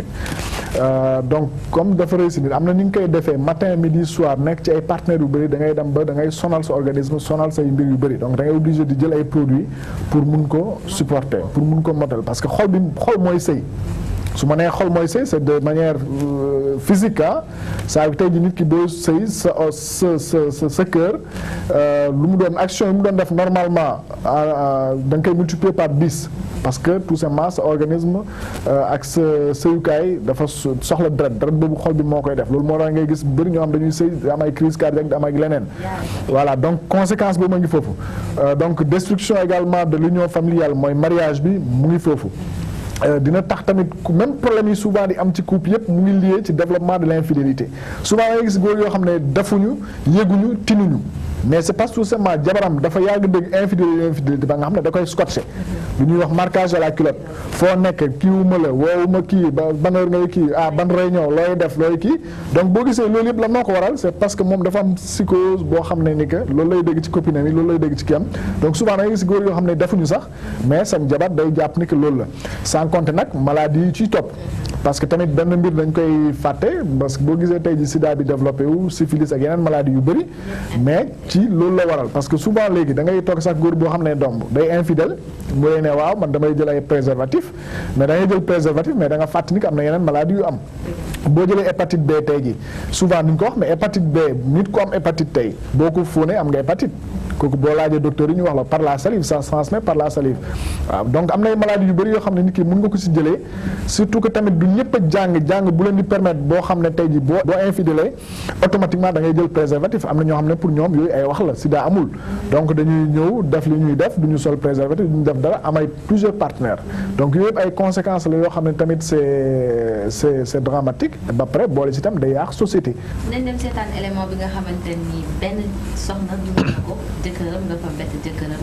euh, donc comme nous rëy ci des efforts matin midi soir nekk ci des partenaires nous avons da ngay organismes, ba da ngay sonal sa organisme sonal mbir donc da ngay obligé di jël ay produits pour nous ko supporter pour nous ko parce que xol bi xol mooy su ma nee xol mooy sëy c'est de manière euh, physique ah. ça veut dire nit ki boo sëy euh, sa sa sa sa cœur euh, lu mu doon action mu doon def normalement ah, ah, da nga koy multiplier par 10 parce que tout simplement sa organisme ak sa sëyukaay dafa soxla deret deret boobu xol bi moo koy def loolu moo tax ngay gis bëri ñoo xam dañuy sëy am ay crise cardiaque am ay leneen voilà donc conséquence boobu ma ngi foofu donc destruction également de l'union familiale mooy mariage bi mu ngi foofu euh, dina tax tamit même problème yi souvent di am ci coupe yëpp mu ngi lié ci développement de l'infidélité souvent nga gis góor yoo xam ne defuñu yëguñu tinuñu mais c'est parce que tout simplement jabaram dafa yàgg dégg infidélité infidélité ba nga xam ne da koy scotché lu ñuy wax marquage à la culotte foo nekk kiiwuma la woowuma kii ba ban heure ngay kii ah ban réunion looy def looy kii donc boo gisee loolu yëpp la moo ko waral c'est parce que moom dafa am psychose boo xam ne ni que loolu lay dégg ci copine yi loolu lay dégg ci kii am donc souvent nag gis góor yoo xam ne defuñu sax mais seen jabar day jàpp ni loolu la sans compter nag maladie yi ciy topp parce que tamit benn mbir dañ koy fàtte parce que boo gisee tey ji sida bi développé wu syphilis ak yeneen maladie yu bëri mais ci loolu la waral parce que souvent léegi da ngay toog sax góor boo xam ne domb day infidèle mu lay ne waaw man damay jël ay préservatif mais da ngay jël préservatif mais da nga fàtte ni que am na yeneen maladie yu am boo jëlee hépatite B tey ji souvent ni ko wax mais hépatite B nit ko am hépatite tey boo ko fóonee am nga hépatite kooku boo laajee docteur yi ñu wax la par la salive ça se transmet par la salive waaw donc am na ay maladie yu bëri yoo xam ne nit ki mën nga ko si jëlee surtout que tamit du ñepp jang jang bu leen di permettre bo xamne ne ji bo boo infidélé automatiquement da ngay jël préservatif amna ño xamne pour ñom yoy ay wax la sida amul donc dañuy ñëw def li ñuy def duñu sol préservatif duñu def dara am ay plusieurs partenaires donc yooyu ay conséquences la yo xamne ne tamit c'est c'est c'est dramatique ba après bo si tam day yaax société. nañ dem sétane élément bi nga xamanteni ben soxna dugg ko dëkkëram jëkkëram fa bëtt dëkkëram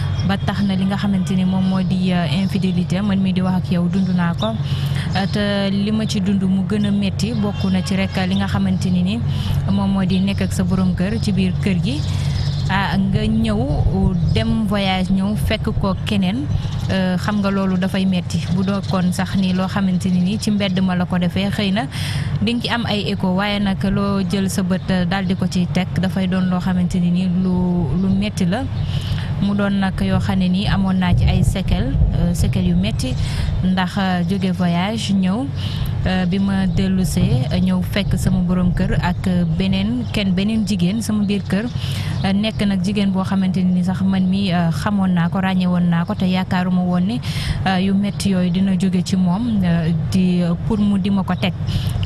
ba tax na li nga xamante ni moom moo di euh, infidélité man mii di wax ak yow dund naa ko euh, te li ma ci dund mu gën a métti bokk na ci rek li nga xamante ni ni moom moo di nekk sa borom kër ci biir kër gi ah nga ñëw dem voyage ñëw fekk ko keneen euh, xam nga loolu dafay metti bu dookoon sax ni loo xamante ni nii ci mbedd ma la ko defee xëy na di nga ci am ay éco waaye nag loo jël sa bët daal di ko ci teg dafay doon loo xamante ni nii lu lu metti la mu doon nag yoo xam ne nii amoon naa ci ay séquelles euh, séquelles yu métti ndax euh, jóge voyage ñëw Eh, Bima ma dellusee eh, ñëw fekk sama borom kër ak benen ken benen jigen sama biir kër eh, nekk jigen buah boo xamante ni sax man mi xamoon naa ko ràññe woon naa ko te yaakaaruma yu metti yooyu dina jóge ci moom di pour mu di ma ko teg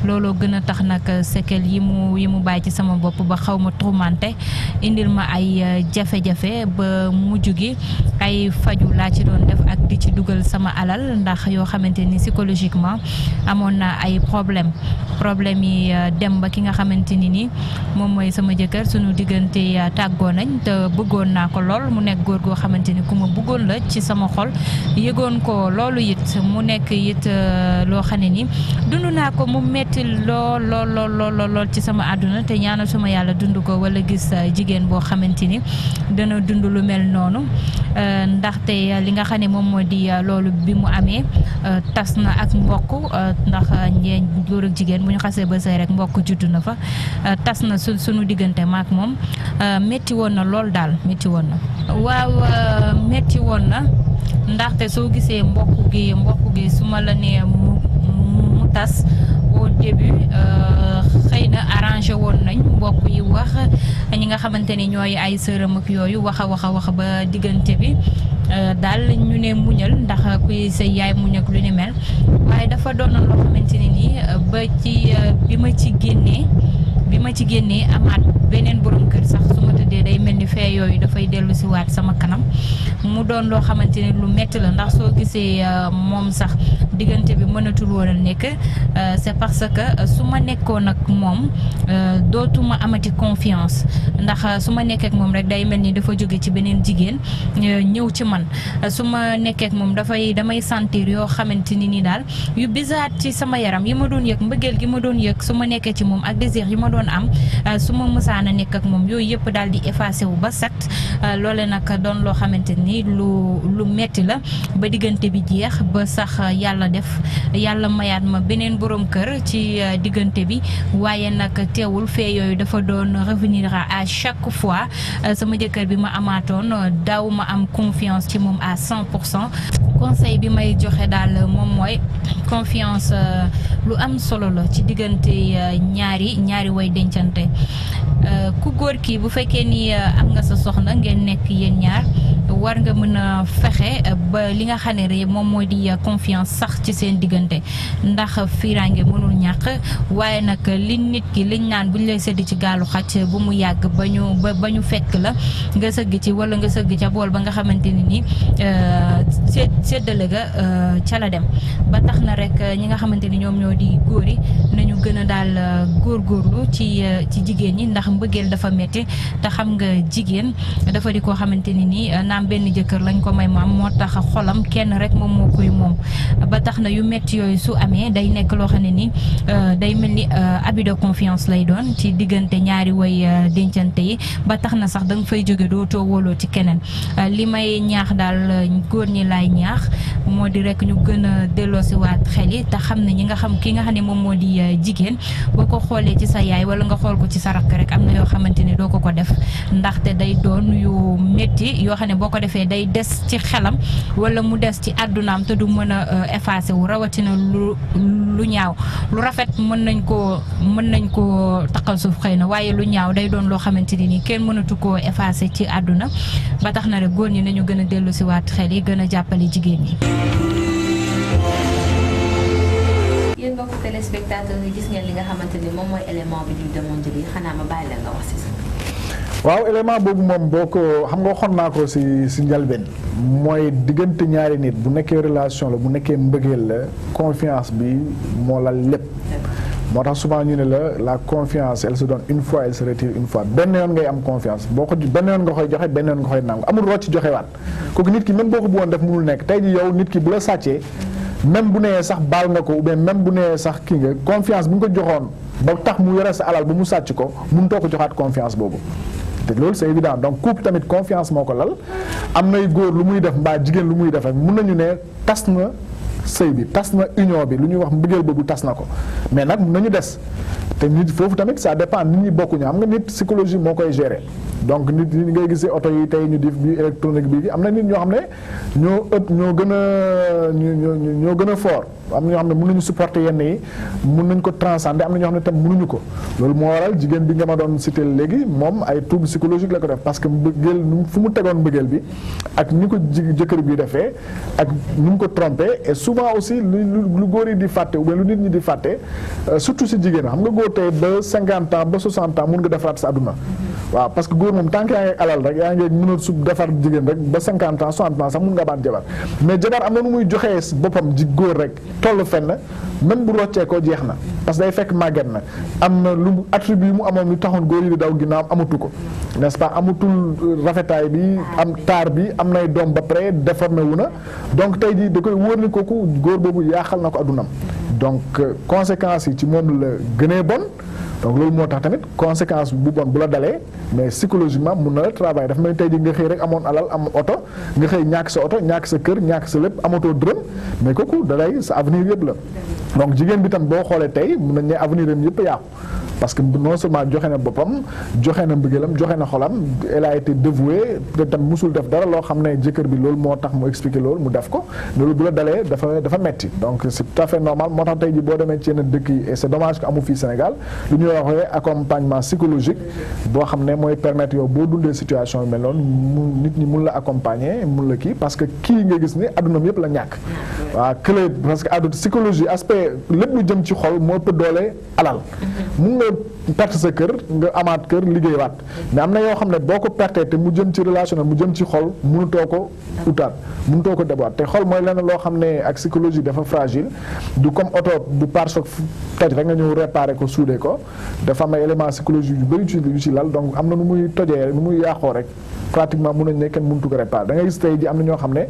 looloo gën tax sekel yi mu yi mu bàyyi ci sama bopp ba xaw ma tourmenté indir ma ay jafe-jafe ba mu gi ay faju laa ci doon def ak di ci dugal sama alal ndax yoo xamante ni psychologiquement amna ay problème problème yi euh, dem ba ki nga xamanteni ni mom moy sama jëkkër sunu diggante euh, taggo nañ te bëggoon na ko lool mu nekk goor go xamanteni kuma bëggoon la ci sama xol yëgoon ko loolu yit mu nekk yit euh, lo xane ni dundu na ko mu metti lool lool lool lool lool ci sama aduna te sama yalla dundu ko wala gis jigen bo xamanteni dana dundu lu mel ndax te li nga xane mom modi loolu bi mu amé tasna ak mbokk ndax ñeeñ góor ak jigéen bu ñu xasee ba sëy rek mbokk juddu na fa euh, tas na su suñu diggante maak moom euh, métti woon na lool daal métti woon na waaw euh, métti woon na ndaxte soo gisee mbokk gi mbokk gi su ma la nee mu tas au début xëy na arrangé woon nañ mbokk yi wax ñi nga xamante ni ñooy ay sërëm ak yooyu wax a wax a wax ba diggante bi Euh, daal ñu ne muñal ndax ku sa yaay muñ ak lu ni mel waaye dafa doon loo xamante ne nii euh, ba ci euh, bi ma ci génnee. bi ma ci génnee amaat beneen borom kër sax su ma tëddee day mel ni fee yooyu dafay dellu si waat sama kanam mu doon loo xamante ne lu metti la ndax soo gisee euh, moom sax diggante bi mënatul woon a nekk euh, c'est parce que su ma nekkoon ak moom euh, dootuma amati confiance ndax su ma nekkee moom rek day mel ni dafa jóge ci beneen jigéen ñëw ci man su ma nekkee moom dafay damay sentir yoo xamante ni ni daal yu bizarre ci sama yaram yi ma doon yëg mbëggeel gi ma doon yëg su ma nekkee ci moom ak désir yi ma doon am euh, su ma mësaan a nekk ak moom yooyu yëpp daal di effacé wu ba sat euh, loole nag doon loo xamante ni lu lu metti la ba diggante bi jeex ba sax yàlla def yàlla mayaat ma beneen boroom kër ci euh, diggante bi waaye nag teewul fee yooyu dafa doon revenir à chaque fois sama jëkkër bi ma amaatoon daaw ma am confiance ci moom à cent pour conseil bi may joxe daal moom mooy confiance lu am solo la ci diggante ñaari ñaari way koy dencante euh, ku gor ki bu fekke ni euh, am nga sa soxna ngeen nek yeen ñaar war nga mën fexé euh, ba li nga xam re mom moy di confiance sax ci seen digënté ndax firangé mënul ñaq wayé nak li nit ki li ñaan buñ lay sédd ci galu xacc bu mu yagg bañu bañu fekk la nga sëgg ci wala nga sëgg ci bool ba nga xamanteni ni ni séddale ga ca la dem ba tax na rek ñi nga xamanteni ñom ñoo di góor nañu dal a daal ci euh, ci jigéen ñi ndax mbëggeel dafa métti te xam nga jigéen dafa di koo xamante ni nii euh, naam benn jëkkër lañ ko may mu moo tax xolam kenn rek moom moo koy moom ba tax na yu métti yooyu su amee day nekk loo xam ne ni euh, day mel ni abus de confiance lay doon ci diggante ñaari woy dencante yi ba tax na sax danga fay jóge dootoo wóoloo ci keneen li may ñaax daal góor ñi laay ñaax moo di rekk ñu gën a delloosiwaat xel yi te xam na ñi nga xam ki nga xam ne moom moo di jigéen boo ko xoolee ci sa yaay wala nga xool ko ci sa rakk rek am na yoo xamante ni doo ko ko def ndaxte day doon yu métti yoo xam ne boo ko defee day des ci xelam wala mu des ci àddunaam te du mën a euh, effacé wu rawatina lu lu ñaaw lu rafet mën nañ koo mën nañ koo taqal suuf xëy na waaye lu ñaaw day doon loo xamante ni nii kenn mënatu ko effacé ci àdduna ba tax na rek góor ñi nañu gën a dellu si waat xel yi gën a jàppale jigéen ñi téléspectateurs yi gis ngeen li nga xamante ni moom mooy élément bi ñu demoon bi xanaa ma bàyyi la nga wax si waaw élément boobu moom boo ko xam nga waxoon naa ko si si njalbeen mooy diggante ñaari nit bu nekkee relation la bu nekkee mbëggeel la confiance bi moo la lépp moo tax souvent ñu ne la la confiance elle se donne une fois elle se retire une fois benn yoon ngay am confiance boo ko benn yoon nga koy joxe benn yoon nga koy nangu amul rocc joxe waat mm-hmm. kooku nit ki même boo ko bëggoon def mënul nekk tey ji yow nit ki bu la sàccee mm-hmm. même bu nee sax baal nga ko ou bien même bu nee sax kii nga confiance bi nga ko joxoon ba tax mu yore sa alal ba mu sàcc ko mun toog ko joxaat confiance boobu te loolu c'est évident donc couple tamit confiance moo ko lal am nay góor lu muy def mbaa jigéen lu muy def rek mun nañu ne tas na sëy bi tas na union bi lu ñuy wax mbëggeel boobu tas na ko mais nag mën nañu des te nit foofu tamit sa dépend nit ñi bokkuñu am nga nit psychologie moo koy gérer donc nit ñi ngay gisee oto yi tey ñu di bi électronique bi am na nit ñoo xam ne ñoo ëpp ñoo gën a ñoo gën a foor am na ñoo xam ne mën nañu supporter yenn yi mën nañ ko transcender am na ñoo xam ne tam mënuñu ko loolu moo waral jigéen bi nga ma doon cité léegi moom ay trouble psychologique la ko def parce que mbëggeel fu mu tegoon mbëggeel bi ak ni ko jëkkër bi defee ak ni ko trompé souvent aussi lu lu di faté ou lu nit ñi di faté euh, surtout ci jigéen xam nga go tey ba 50 ans ba 60 ans mun nga defaraat sa aduna. wa parce que goor mom tant que yaa alal rek yaa ngi mën a sub defar jigéen rek ba 50 ans 60 ans sax mun nga ban jabar mais jabar am na nu muy joxee boppam ji góor rek tollu fenn même bu roccé ko jeex parce day fekk màgget na am na lu attribut mu amon lu taxoon góor yi di daw ginnaaw amatu ko n'est-ce pas amatul euh, rafetaay bi am tar bi am nay dom ba près déformé wu donc tay di da koy wóor ni kooku góor boobu yaaxal na ko addunam donc euh, conséquence ci moom le gëné bonne donc loolu moo tax tamit conséquence bu bon bu la dalee mais psychologiquement mun na la travail dafa mel ni tey jii nga xëy rek amoon alal am oto nga xëy ñàkk sa oto ñàkk sa kër ñàkk sa lépp amatoo dërëm mais kooku dalay sa avenir yëpp la donc jigéen bi tam boo xoolee tey mun nañ ne avenir am yëpp yàqu parce que non seulement joxe na boppam joxe na mbëggeelam joxe na xolam elle a été dévouée te tam musul def dara loo xam ne jëkkër bi loolu moo tax mu expliqué loolu mu def ko loolu bu la dalee dafa dafa metti donc c'est tout à fait normal moo tax tey ji boo demee ci yenn dëkk yi et c'est dommage que amu fii Sénégal lu ñuy accompagnement psychologique doit xamné moy permettre yow situation mais nit ñi parce que qui nga ni aduna parce que psychologie aspect le lu jëm ci xol perte sa kër nga amaat kër liggéeywaat mais am na yoo xam ne boo ko pertee te mu jëm ci relationnel mu jëm ci xol mënutoo ko utaat mënutoo ko debaat te xol mooy lenn loo xam ne ak psychologie dafa fragile du comme oto bu pare-choc toj rek nga ñëw réparé ko suudee ko dafa am ay élément psychologique yu bëri ci yu ci lal donc am na nu muy tojee nu muy yàqoo rek pratiquement mun nañu ne kenn mënutu ko réparé da ngay gis tey ji am na ñoo xam ne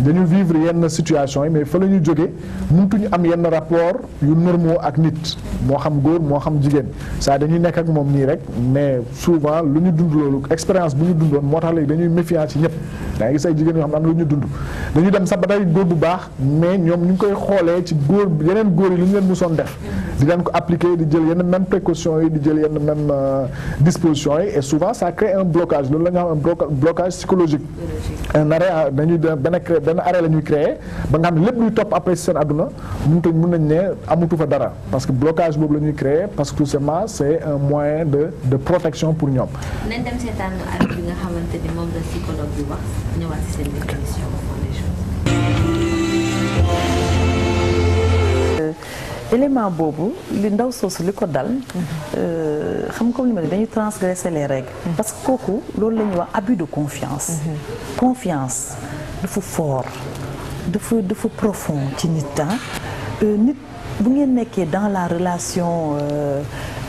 dañu vivre yenn situation yi mais fa la ñu jógee mënutuñu am yenn rapport yu normaux ak nit moo xam góor moo xam jigéen ça dañuy nekk ak moom nii rek mais souvent lu ñu dund loolu expérience bu ñu dundoon moo tax léegi dañuy méfiant ci ñëpp da ngay gis ay jigéen yoo xam ne am lu ñu dund dañuy dem sax ba day góor bu baax mais ñoom ñu ngi koy xoolee ci góor yeneen góor yi li ñu leen mosoon def di leen ko appliquer di jël yenn même précaution yi di jël yenn même euh, disposition yi et souvent ça crée un blocage loolu la ñu xam un blocage psychologique un arrêt euh, dañuy benn créé benn arrêt la ñuy créer ba nga xam ne lépp luy topp après seen aduna mënut a mën nañ ne amutu fa dara parce que blocage boobu la ñuy créer parce que tout simplement c'est un moyen de de protection pour ñoom. nañ dem seetaan ak bi nga xamante ni moom la psychologue bi wax ñëwaat ci seen définition des choses. Euh, élément boobu li ndaw soosu li ko dal euh, xam comme li ma dañuy transgresser les règles. Mm-hmm. parce que kooku loolu la wax abus de confiance. Mm-hmm. confiance de fou fort de fou profond ci nit ah nit bu ngeen nekkee dans la relation. Euh,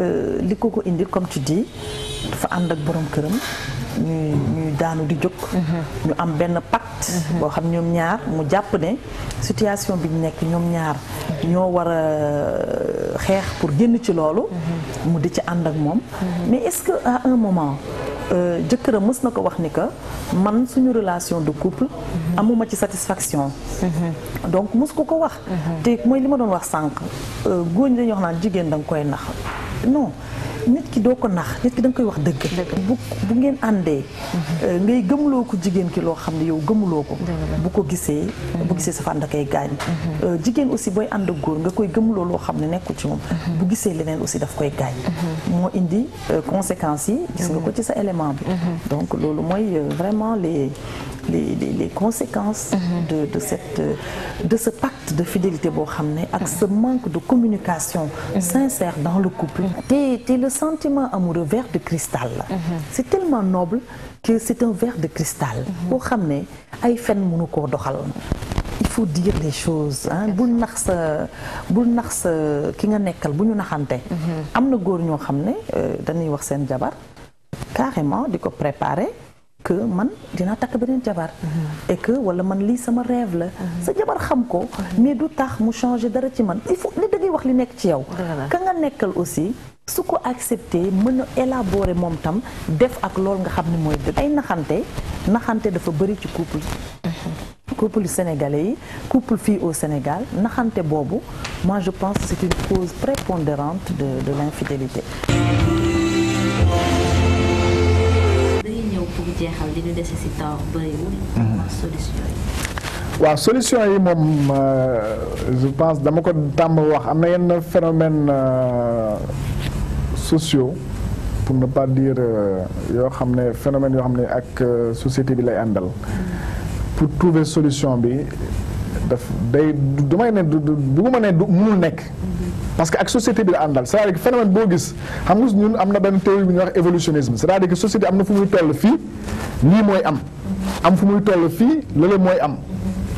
Euh, li ko ko indi comme tu dis dafa ànd ak borom këram ñuy ñuy daanu di jóg. Mhm. ñu am benn pacte. Mhm. boo xam ñoom ñaar mu jàpp ne situation bi ñu nekk ñoom ñaar ñoo war a euh, xeex pour génn ci loolu. Mhm. mu di ci ànd ak moom. mais est-ce que à un moment euh, jëkkëram mës na ko wax ni que man suñu relation de couple. amuma ci satisfaction. donc mës ko ko wax. te mooy li ma doon wax sànq góoñ dañuy wax naan jigéen danga koy nax. Não. nit ki doo ko nax nit ki da koy wax deug bu bu ngeen àndee mhm. euh, ngay gëmuloo ko jigen ki lo xamné yow gëmuloo ko bu ko gissé mhm. bu gissé sa fànn da koy gaañ mhm. euh, jigéen aussi boy ànd ak góor nga koy gëmuloo lo xamné ne ci moom bu gissé leneen aussi daf koy gañ mo indi euh, conséquences yi gis nga ko ci sa élément bi donc lolu moy vraiment les les les, les conséquences de de cette de ce pacte de fidélité boo xam ak ce manque de communication sincère dans le couple te le sentiment amoureux vert de cristal mhm. c'est tellement noble que c'est un verre de cristal mhm. boo xam ne ay fen mënu koo doxal il faut dire les choses ah bul nax sa bul nax sa ki nga nekkal bu ñu naxante mhm. am na ñoo xam euh, dañuy wax seen jabar carrément di préparer que man dina takk beneen jabar et que wala man lii sama rêve la sa jabar xam ko mais du tax mu changer dara ci man il faut les da ngay wax li nekk ci yow nga nekkal aussi si vous accepté mën élaborer moom tam couple mm-hmm. couple sénégalais couple au Sénégal moi je pense que c'est une cause prépondérante de l'infidélité La mm-hmm. solution est euh, je pense phénomène euh, sociaux pour ne pas dire euh, yo xamné phénomène yo xamné ak euh, société bi lay andal pour trouver solution bi daf day damay né bugguma né du nek parce que ak société bi la c'est-à-dire que phénomène bo gis xam nga ñun amna ben théorie bi ñuy wax évolutionnisme c'est-à-dire que société amna na fu muy toll fi lii moy am am fu muy toll fi lële moy am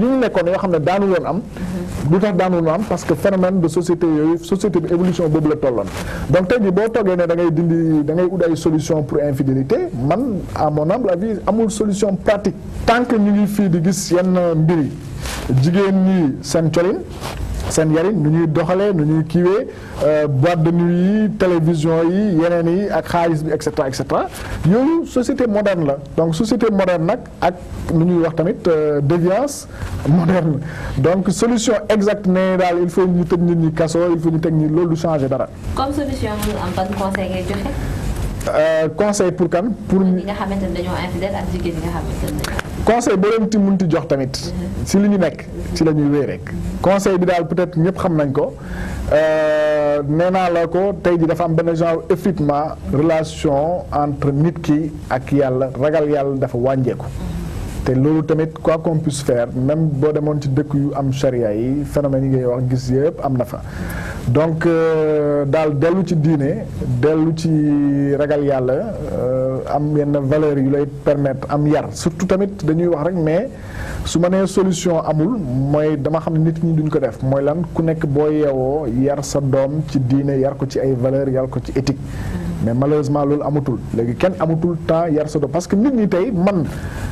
li ñu nekkoon yoo xam ne daanu woon am mhm. lu tax daanu woon am parce que phénomène de société yooyu société d'évolution évolution la tolloon donc tey jii boo toogee ne da ngay dindi da ngay ut solution pour infidélité man à mon humble avis amul solution pratique tant que ñu ngi fii di gis yenn mbiri jigéen ñi seen seen yarin nu ñuy doxale nu ñuy kiiwee euh, boîte de nuit yi télévision yi yeneen yi ak xaalis bi et cetera et cetera yooyu société moderne la donc société moderne nag ak nu ñuy wax tamit euh, déviance moderne donc solution exacte ne daal il faut ñu tëj nit ñi kaso il faut ñu teg ñi loolu du changer dara. comme solution mënul am ban conseil ngay joxe. Euh, conseil pour kan pour. ñi nga xamante ne dañoo infidèle ak jigéen nga xamante ne conseil boo leen ti munti jox tamit si li ñu nekk ci la ñuy wéy rek conseil bi daal peut-être ñëpp xam nañ ko euh, nee naa la ko tey ji dafa am benn genre effritement relation entre nit ki ak yàlla ragal yàlla dafa wàñjeeku té loolu tamit quoi qu'on puisse faire même bo demoon ci dëkk yu am charia yi phénomène yi ngay wax gis yépp am na fa donc euh, dal delu ci diine delu ci ragal yàlla euh, am yenn valeur yu lay permettre am yar surtout tamit dañuy wax rek mais su ma nee solution amul mooy dama xam ne nit ñi duñ ko def mooy lan ku nekk boo yeewoo yar sa doom ci diine yar ko ci ay valeur yar ko ci éthique mais malheureusement lool amatul léegi ken amatul temps yar sa parce que nit ni tay man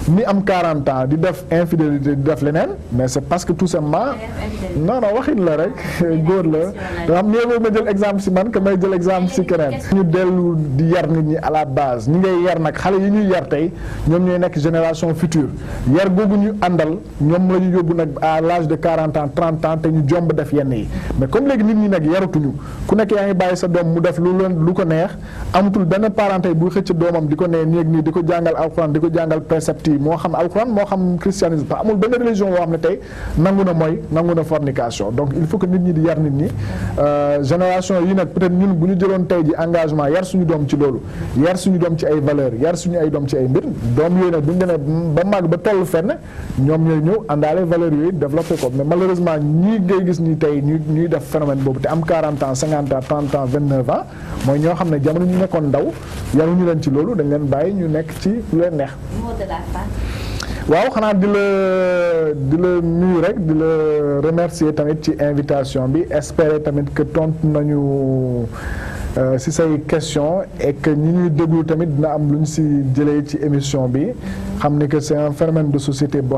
ni am 40 ans di def infidélité di def lenen mais c'est parce que tout simplement non non waxine la rek goor la am xam ma jël exemple si man que may jël exemple si keneen ñu delu di yar nit ñi à la base ñi ngay yar nak xalé yi ñuy yar tay ñom ñoy nek génération future yar gogu ñu andal ñom lañu ñu nak à l'âge de 40 ans 30 ans té ñu jomb def yenn yi mais comme léegi nit ñi nag yarutuñu ku nek yaa baye sa dom mu def lu lu ko neex amatul benn parent tey buy xëcc doomam di ko nee nii nii di ko jàngal alxuraan di ko jàngal précepte moo xam alxuraan moo xam christianisme pa amul benn religion boo xam ne tey nangu na mooy nangu na fornication donc il faut que nit ñi di yar nit ñi euh, génération yi nag peut-être ñun bu ñu jëloon tey ji engagement yar suñu doom ci ay valeur yar suñu doom ci ay mbir doom yooyu nag bu ñu ba màgg ba toll fenn ñoom ñooy ñëw àndaale valeur yooyu développé bu ñu nekkoon ndaw remercier tamit ci invitation bi que tontu nañu si euh, say question et que nous ñuy tamit dina am si ci émission bi que c'est un phénomène de société boo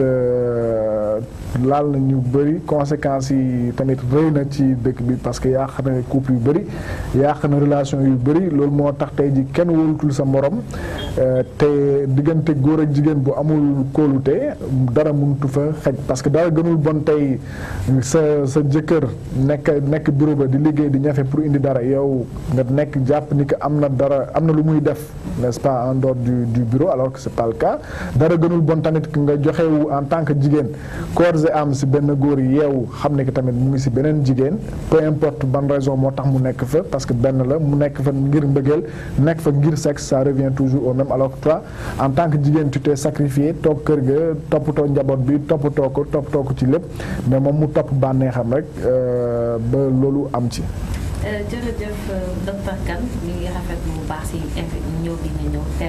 euh, laal na ñu bëri conséquence yi tamit rëy na ci dëkk bi parce que yàq na couple yu bëri yàq na relation yu bëri loolu moo tax tey ji kenn wóolutul sa morom euh, te diggante góor a jigéen bu amul kóolute dara muntu fa xej parce que dara gënul bon tey sa sa jëkkër nekk nekk bureau ba di liggéey di ñafe pour indi dara yow nga nekk jàpp ni que am na dara am na lu muy def nest en dehors du du bureau alors que c'est pas gënul bon tamit nga joxewu en tant que jigéen corps et âme si benn góor yeewu xam ne ko tamit mu ngi si beneen jigéen peu importe ban raison moo tax mu nekk fa parce que benn la mu nekk fa ngir mbëggeel nekk fa ngir sexe ça revient toujours au même alors que en tant que jigéen tu t'es sacrifié toog kër ga toppatoo njaboot bi toppatoo ko toppatoo ko ci lépp mais moom mu topp bànneexam rek euh, ba loolu am ci. Euh, euh,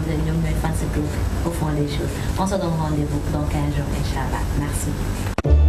de ne ñoom ñooy fan au fond des choses on se donne rendez-vous dans 15 jours Inch'Allah. merci.